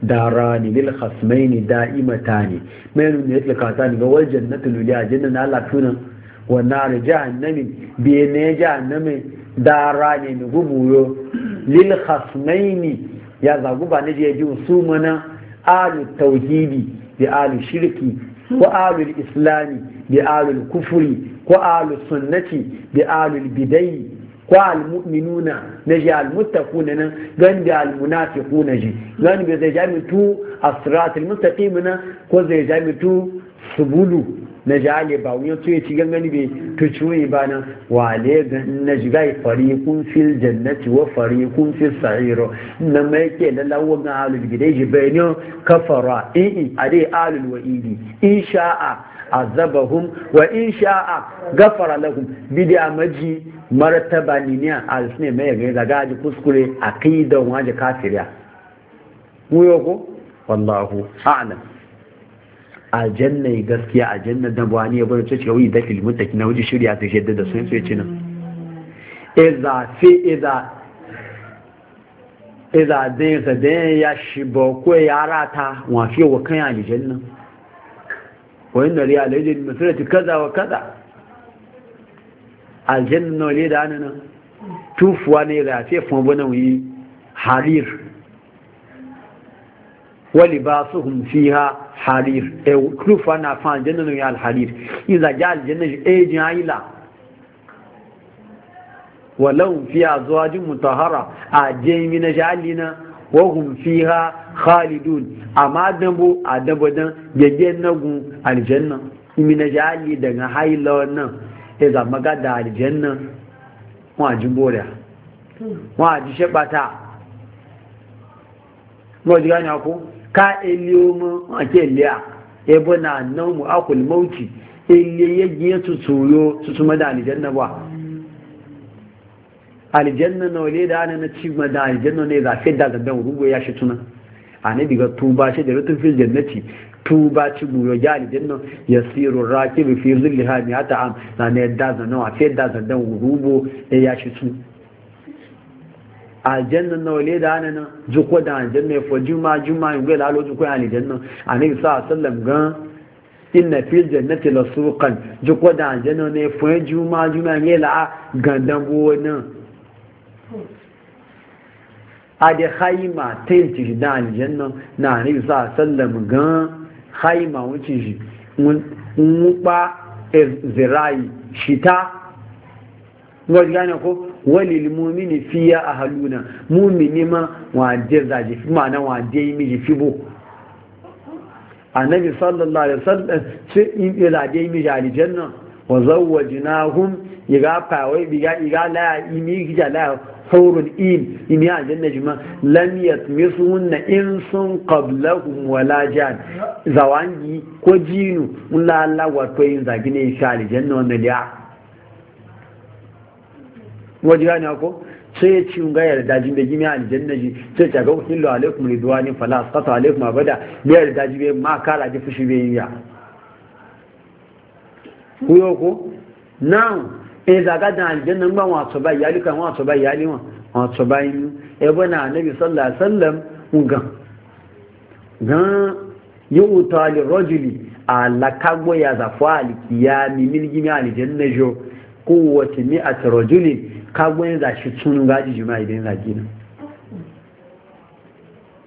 داران للخصمين دائمتان من يطلق ثاني والجنة العليا جنة الله تونه ونار جهنم بين جهنم dara ne mai gubuyo lil khasmaini ya zagu ba ne da ji su mana alu tauhidi da alu shirki ko alu islami da alu kufuri ko alu sunnati da alu bidai ko almu'minuna na ji almuttaquna nan gan da almunafiquna ji gan bi zai tu asratul mustaqim na ko zai tu subulu na jale ba wani tuye ci gangani bai to ciwe ba nan wale na jiga fari kun fil jannati wa fari kun fil sa'iro na mai ke lalla wani alul gidai ji bayanin kafara ii a dai alul wa idi in sha'a azabahum wa in sha'a gafara lahum bidiya maji martaba ni ne alsne mai ga daga ji kuskure aqidan waje kafiriya mu yoko wallahu a'lam aljanna gaskiya aljanna da ba ne bar ce cewa da filmin take na wuce shirya ta shedda da sun sai ce nan iza fi iza, iza dai sa dai ya shibo ko ya rata wa fi wa kan aljanna wa inna li alijin mithlati kaza wa kaza aljanna ne da nan tufuwa ne ga ce fon bana wi harir wa libasuhum fiha harir e kufa na fan janna ya al harir iza ja al janna e jin ayila walau fi zuwajin mutahara a jami na jalina wa hum fiha khalidun amma dambo a dabo dan gege nagu aljanna imi na jali daga haila wannan ya zama gada aljanna wọn ji boriya wọn ji shabata mo ji gani ko ka eliyomin ake liya ebo na nan mu akul mauti ele yaji ya tutuyo tutu su da aljanna ba aljanna na wale da ana na ci da aljanna ne za fi da zaben rubo ya shi tuna a ne diga tuba shi da rutun fil jannati tuba ci buyo ya aljanna ya siru rakibu fi zulliha mi ata am na ne da zanen a fi da zaben rubo e ya shi tuna aljanna na wale da hannun jiko da aljanna ya fa juma juma yin gwai lalo jiko ya aljanna a ne sa sallam gan inna fi jannati la suqan jiko da aljanna ne fa juma juma yin la gandan gona a da haima ta tent shi da aljanna na ne sa sallam gan haima wuce shi mun ba eh, zirai shita ngwaji gane ko walil mumini fiya a haluna mumini ma wade zaji fi ma'ana yi miji fi bo annabi sallallahu alaihi wasallam ce in ila dai miji aljanna wa zawwajnahum iga kawai biga iga la imi gija la hurun in imi aljanna jima lam yatmisunna insun qablahum wala jan zawangi ko jinu mun la Allah wato yin zagine shi aljanna wannan da wajen gane ko sai ya ci ga yarda jin da gimi aljanna ji sai ta ga hillu alaikum ridwani fala asqata alaikum abada bi yarda ji be ma kala ji fushi be ya kuyo ko now e eh, zaga da aljanna ba wa so ba yali kan wa so ba yali wa wa so ba yi e eh, bana annabi sallallahu alaihi wasallam ga ga yu a rajuli ala kagbo ya zafali kiyami min gimi aljanna jo kowace mi'at rajulin kagwai za shi tun gaji jima'i don zaki nan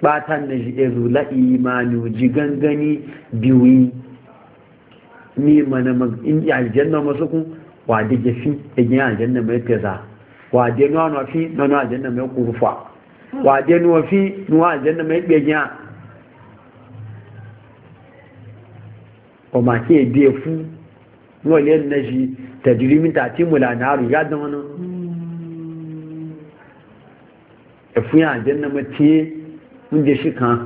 batan na shi ɗazu la'i ji gangani biyu ni mana in aljanna masu kun wade gefi egin aljanna mai peza wade nuwa nuwa fi nuwa aljanna mai kurufa wade nuwa fi nuwa aljanna mai gbegiya o ma ke biye fu nuwa liyan na shi ta tajirimita timula na haru ya zama nan? ẹ̀fún àjẹ́nà mọ́ tí ń kan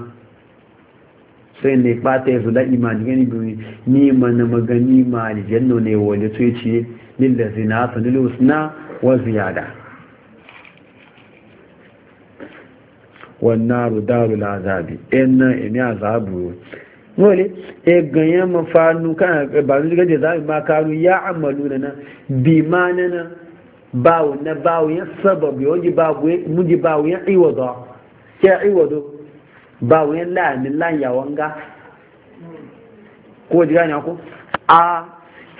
sai ne bata ya zuda imani gani biyu ni ma na magani ma aljanna ne wani to yace lilla zina fa lil wa ziyada wan naru darul azabi inna azabu wale e ganyen mafanu ba su zabi ma karu ya amalu na bi bawo na bawo ya sabab yo ji bawo mu ji bawo ya iwado ke iwado bawo ya la ni la ya wanga ko ji ganya ko a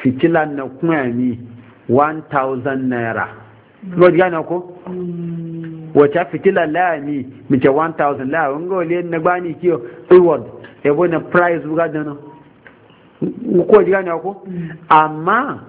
fitilan na kuma mi 1000 naira ko ji ganya ko wace fitilan la mi mi ce 1000 la wanga wale na gbani kiyo iwado yabo na price buga dano ko ji ganya ko amma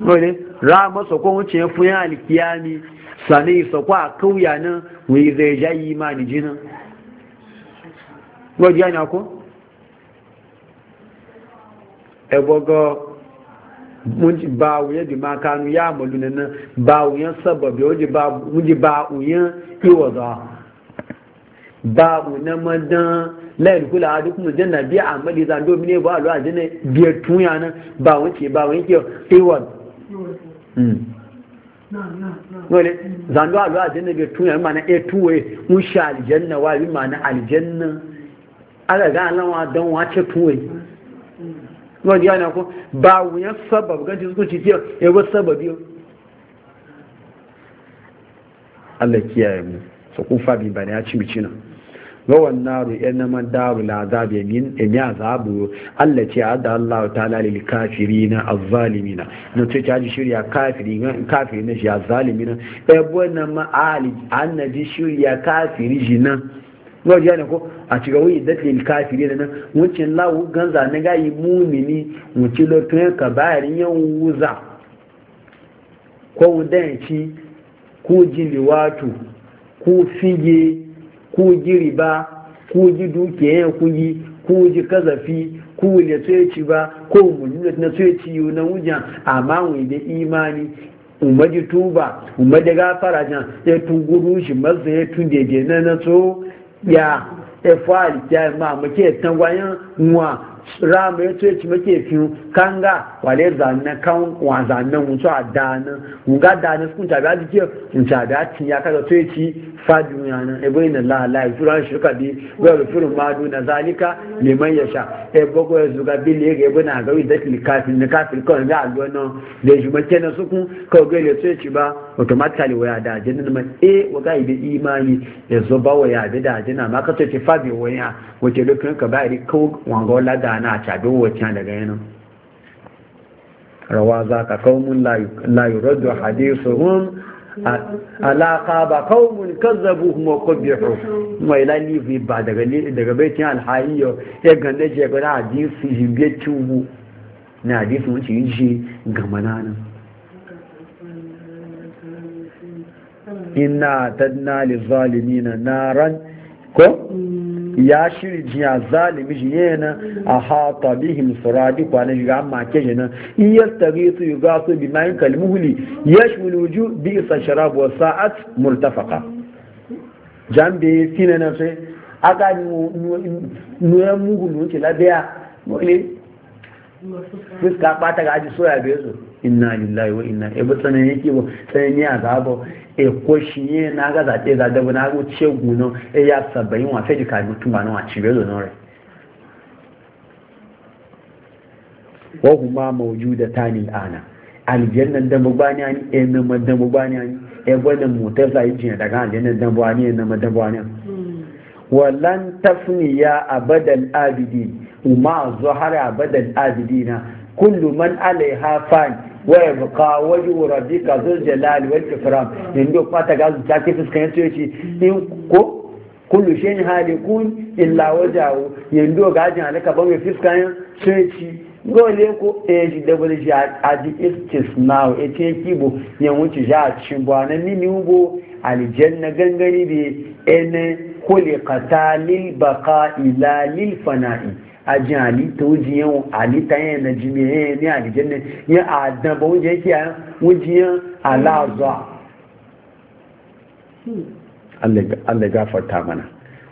wani rama sako wuce fun ya alkiyami sani sako a kauya nan wai zai ja yi ma ni jinan wọ́n jẹ́ àkó ẹgbọ́gọ́ ba wuyen di ma kanu ya malu na nan ba wuyen sababi wuji ba wuyen iwaza ba wuyen madan layin kula a duk mujan na biya a mali zan domine ba a lo a jini biyar tunya nan ba wuce ba wuyen iwaza Hmm. wale zanduwa zuwa aljanna bai tunya ma na etuwe eh, mun sha aljanna wa bi ma aljanna ala ga alawa don wace tuwe wani yana ko ba wuyan sabab ganci jisu ci ce ya eh, go sababi Allah kiyaye mu so kun fabi bane ya ci bicina wawan naru yan naman daru lazab ya min ya zabu Allah ce adda Allah ta'ala lil kafirina azzalimina na ce ta ji shirya kafiri kafiri na shi azzalimina eh wannan ma ali annabi shirya kafiri jina yau ya ko a cikin wuyi da lil kafiri na wucin lawu ganza na gayi mumini wucin lokacin kabarin yan wuza ko wudanci ko wato ko fige ku ji riba ku ji dukiyan ku yi ku ji kazafi ku da tsoyaci ba ko mulmi na tsoyaci yau na wujan amma wani da imani umaji tuba umaji gafara jan ya gudu shi masu ya tun daidai na na so ya efuwa alikiyar ma mace ya nwa rambe ya ce ke fiye kanga wale zanen kan wa zanen wuce a dana wuga dana sun tabi a jikin sun tabi ci ya kada to ci fadi yana ebe yana la la ya tura shirka bi ga rufin madu na zalika liman ya sha ebogo ezuga bile ga ebe na ga wida tilikafi ne ka filko ne ní go no le juma tẹ́nà sókún kun ka go le tsaye ci ba automatically waya da jinna ma e waga ibe imani ya zo ba waya da da jinna ma ka tsaye bi waya wace lokacin ka ba ri ko wango kó wọn na ládàá náà wace daga yana rawa za ka kaumun la yuraddu alaka ba kawun kazzabu kuma kubihu mai lalifi ba daga baitin alhaiyo ya ganda je gana hadisi jibe cubu na hadisi wancin yi ji ga mananan inna tadna na naran ko ya shiri jiya zalimi jiye na a hata bihim suradi kwanan shiga amma ke shi nan in ya tare su yi gaso bi mayin kalmuhuli ya shi wuju bi isa sharabu sa'at murtafaka jan da ya fi na sai aga nuyen muhulu ce labiya fuska ɓata ga aji soya bai zo inna lillahi wa inna e butsanan yake ba sai ni azaba e ko shi ne na ga zaɓe za da na go ce guno e ya sabai wa sai ka mutum ba na ci bezo na rai wa huma tani ana aljannan da mabani ani e na madan mabani ani e gwada motar yi jin daga aljannan da mabani e na madan mabani walan tafniya abadan abidi umma zuhara abadal abidina kullu man alaiha fani waya buka waje wurabi ka zo jalali wal kifram yanzu fata ga zuciya ke fuskan yato yace in ko kullu shayin halikun illa wajahu yanzu ga ajin halaka ba mai fuskan sai ci gole ko e shi da bari shi a ji istisna e ce kibo yan wuce shi a cikin bwana mini ugo aljanna gangani da ene khuliqata lil baqa ila lil fana'i ajin halitta ali ta yin na jimiyen ne alijan ne yin adan ba wujiyan kiyayen wujiyan alazuwa hmm. Allah gafarta mana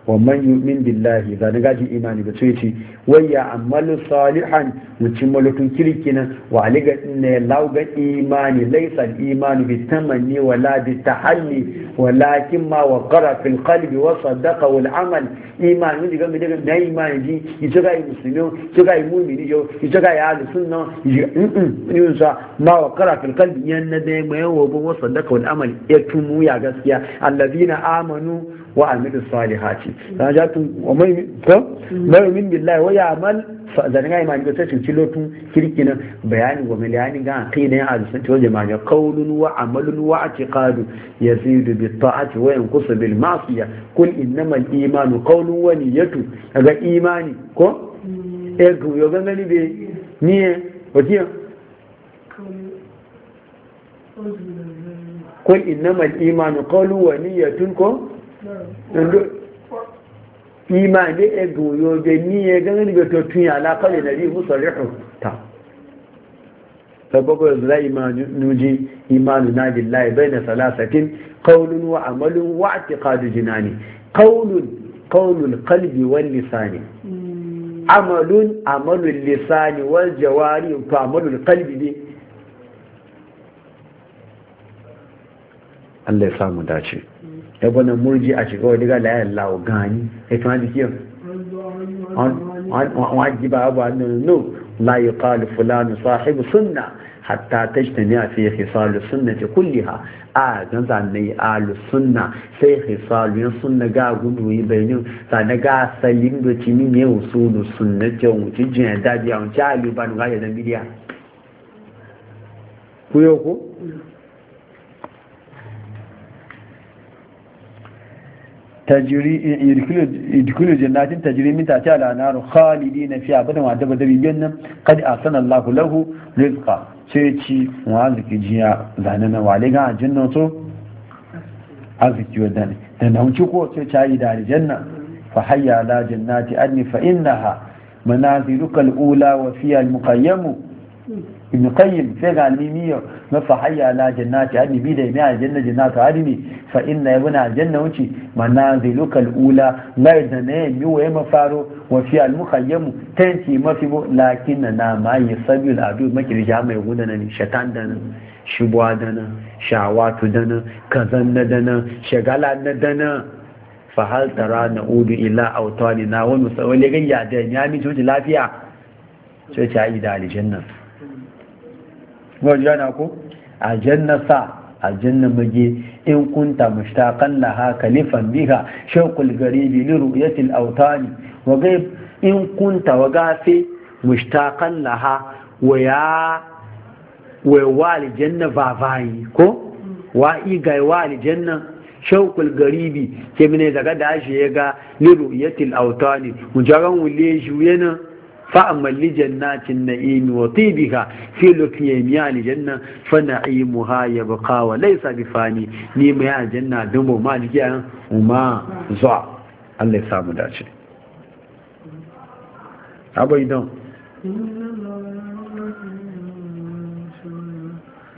wa man yu'min billahi za na gaji imani ba sai ce wayya amalu salihan mutum malukun kirkina wa aliga ne lauga imani laysa al-imanu bi tamanni wala bi tahalli walakin ma waqara fil qalbi wa saddaqa wal amal imani diga mi diga dai imani ji ita ga musulmi ita ga mu'mini yo ita ga ya sunna ni mm, mm, unsa ma waqara fil qalbi yanna dai mai wa wa saddaqa wal amal ya tumu ya gaskiya allazina amanu wa amilu salihati na ja tun wa mai ko mai min billahi wa ya'mal fa zan ga imani sai cin cilotun kirkina bayani wa milani ga aqida ahli sunnah wal jamaa qawlun wa amalun wa i'tiqadu yazidu bi ta'ati wa yanqusu bil ma'siyah kul innamal imanu qawlun wa niyyatu daga imani ko e gu yo gangani be niye wakiya kul innamal imanu qawlun wa niyyatun ko ima ne e yo da ni ya gani da to tun ya la kale nabi musalihu ta sababu da imanu nuji imanu na bai na salasatin qawlun wa amalun wa i'tiqadu jinani qawlun qawlul qalbi wal lisani hmm. amalun amalul lisani wal jawari to amalul qalbi ne Allah ya samu dace ẹgbọ́n náà múrùjí àṣìkọ́ ọdígá láyàlá ọ̀gán ní ẹ̀tún àdíkíọ̀ wọ́n á jí bàbá nínú náà láyé kálù fúlánù sáàhìbù súnnà hatta tẹ́ṣtẹ̀ ní àfi ìfìsàlù súnnà ti kúlì ha a gan zanne alu súnnà sai ìfìsàlù yẹn súnnà ga gudu yi bẹ̀rẹ̀ na ga salin da ci min yẹn usulu súnnà jẹ ohun ci jẹ dábìá ohun ci àlùbánu ga yẹ dán bídíà kúyọ́ yadkulu jannatin tajri min tahtiha al-anharu khalidin fiha abadan wa da badari jannan a ahsana Allahu lahu rizqa sai ci wa azki jiya zane na wale ga jannan to azki wa dani da na wuce ko sai ta yi da janna fa hayya la jannati adni fa innaha manaziluka al-ula wa fiya al-muqayyamu ibn qayyim sai ga nimiyo na fa na la jannati hadi bi da mai aljanna jannatu hadi ne fa inna yabuna aljanna wuce ula, alula la ne mi waye mafaro wa fi almukhayyamu tanti mafi bo lakin na ma yasabi aladu makirja mai gudana ne shatan da nan shibwa da nan shawatu da nan kazan da nan shagala da nan fa hal tara na udu ila autani na wani musawali gayya da ya mi lafiya sai ta yi da aljanna wajen na ko a janna sa a janna mage in kunta mushtaqan laha kalifan biha shawqul garibi liru ya al-awtani in kunta wa gafi mushtaqan laha wa ya wa wal ba vavai ko wa igai wali janna shaukul garibi ke mine daga da shi ya ga liru yatil autani mujaran wule shi yana Fa amma ni jannatin na yi ni, wato Ibika. Filo kan yi fa ni ayi muha'a ya baƙa fani. Ni mu yi ni dan ba, kuma a cikin Allah ya samu dace.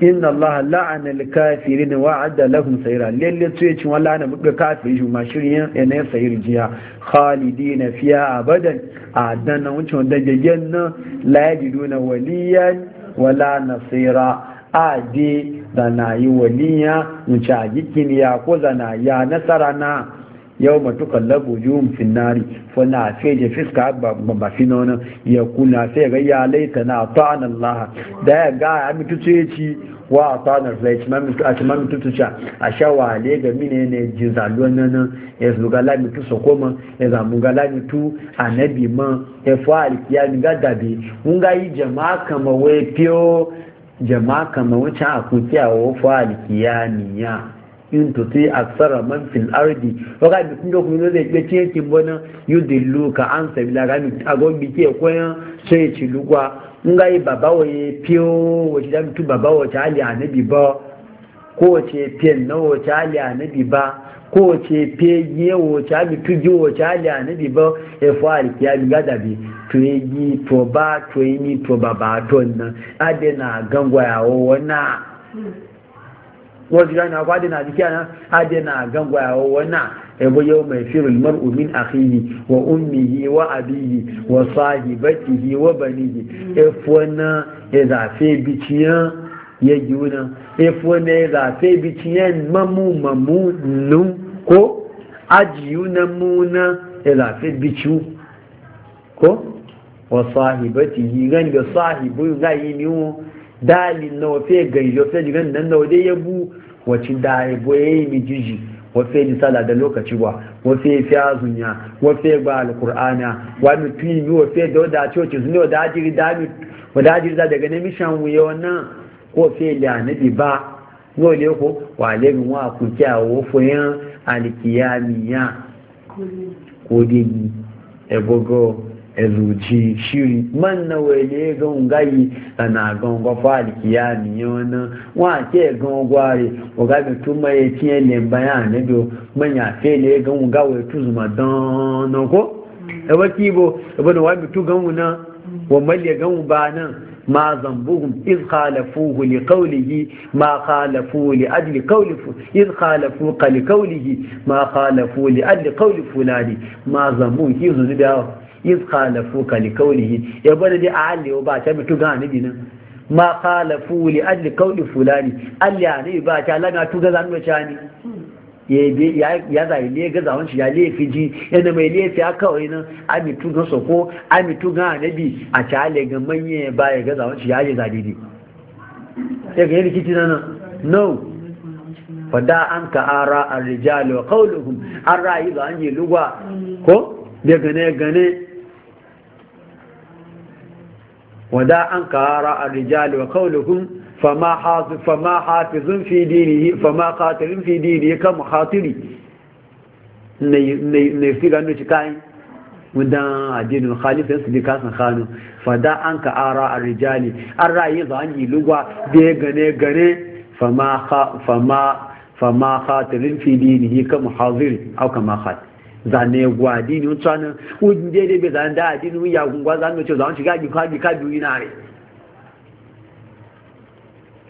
inna Allah la'ana al-kafirin wa adda lahum sayra lalle tuye cin wala na buga kafiri shi ma shirin ne sayir jiya khalidina fiya abadan adan nan wucin da gagen nan la yajiduna waliyan wala nasira Adi da na yi waliya mu a gikin ya ko zana ya nasara na yau matukan labu juhun finnari fana feje fiska ba fi nona ya kuna sai ga ya laita na ta'an Allah da ya ga ya mitutu ya ci wa a ta'an Allah a ci mitutu ca a sha wa wale ga mine ne jin zaluwa nan ya mutu lamitu koma. ya zamuga lamitu anabi ma ya fa alkiya ni ga dabe mun ga yi jama'a kama wai piyo. jama'a kama wuce a kuciya wa fa alkiya ni ya in tuti aksara man fil ardi waka bi kun doku ne da ke ke bona lu ka an sabila ga mi ago bi ke koyan lu ci Nga yi baba waye pio wace da mutu baba wace ali anabi ba ko wace pien na wace ali anabi ba ko wace peye wace ali tuji wace ali anabi ba e fo ali ya bi gada bi to yi to ba to yi ni to baba to na ade na gangwa ya wo na wasu gani na kwadi na jiki na hadi na gangwaya wana yabo yau mai firul mar'u min akhihi wa ummihi wa abihi wa sahibatihi wa banihi efwana e za zafe biciyan ya juna efwana e za zafe biciyan mamu mamu nun ko ajiyu na muna e za zafe biciyu ko wa sahibatihi gani ga sahibu ga yi niwo dalin na wafe gaijo fe jigan nan na waje ya bu wacin da ya boye mi jiji wafe ji sala da lokaci ba wafe fi azunya wafe ba alkur'ana wani fili wafe da wadda coci su ne wadda ajiri dami wadda ajiri da daga na mishan wuya wannan ko fe da na bi ba yau ne ko wale min wa ku kya wofoyin alkiyamiya ko dai ni ebogo ezuji shiri manna wele gan gayi na gan gwa fali kiya ni yona wa ke gan gware o ga tuma ye tie le baya ne do manya ya fe le gan ga we tuzuma don ko e ba kibo e ba no tu bitu gan na wa malle gan ba nan ma zambuhum iz khalafuhu li qawlihi ma khalafuhu li ajli qawli iz khalafu li qawlihi ma khalafuhu li ajli qawli fulani ma zambuhum hizu ni iz ka li kaulihi ya bada dai a halle ba ta mutu ga nabi nan ma khalafu li al kauli fulani ya ne ba ta laga tu ga zanu cha ni ya za ne ga zawon shi ya lefi ji yana mai lefi a kawai nan amitu ga soko amitu ga nabi a ta ga manye ba ya ga zawon shi ya yi ne sai ga yi rikici nan no fada an ka ara a rijali wa kauluhum an ra'ayi da an yi lugwa ko da gane gane wada an kara a rijali wa kauluhun fama hafizun fi dinihi fama qatilun fi dinihi kan muhatiri ne fi gano shi kayan wadan adinin khalifin su dika sun khanu fada an ka ara a rijali an rayu za an yi lugwa da ya gane gane fama hatirin fi dinihi kan muhatiri au ma hatirin zane gwadi ni tsana wujin dai bai zan da adini mun ya gungwa zan ce zan shiga gi kaji kaji ina re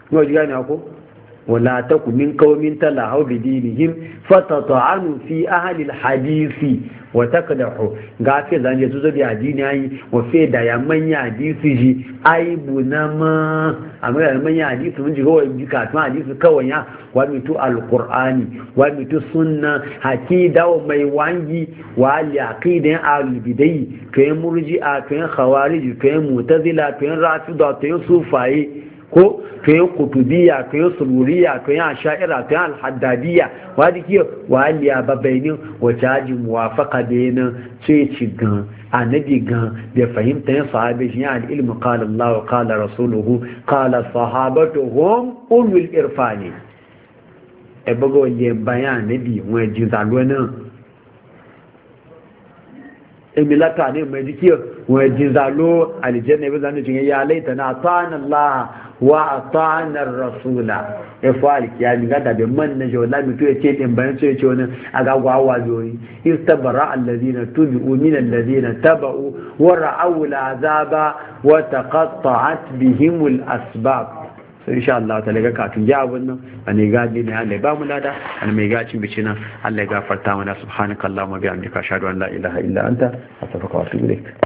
no ji gane wala taku min qaumin talahau bi dinihim fatata'anu fi ahli alhadisi wa takdahu ga ke zan je zuwa bi addini ayi wa fe da ya manya hadisi ji ai bunama amma ya manya hadisi mun ji ga wani ka ma hadisi kawai ya wa mitu alqur'ani wa mitu sunna hakida wa mai wangi wa aliqidan albidai kai murji'a kai khawarij kai mu'tazila kai rafida kai sufaye ko ka yi kutubiya ka yi sururiya ka yi asha'ira ka yi alhaddadiya wa ke wa aliya babainin wace haji muwafaka da yana ceci gan annabi gan da fahimta yin sahabi shi yana ilmi kala Allah wa kala rasuluhu kala sahabatuhum ulul irfani ebe bago le bayan nabi wani jizalwa nan emilata ne mai jiki wani jizalo alijanna ya zane cikin ya laita na ta'an Allah wa ta'an rasula ya fa alkiyami ni da bin man na jawla mi to ce din bayan so ce wani aga gwawa joyi istabara allazina tubu min allazina tabu wa ra'aw al'azaba wa taqatta'at bihim asbab insha Allah ta daga katun ya abun nan a ne gaji ne Allah ba mu lada al mai gaci bici nan Allah ya gafarta mana subhanakallahumma bihamdika ashhadu an la ilaha illa anta astaghfiruka wa atubu ilaik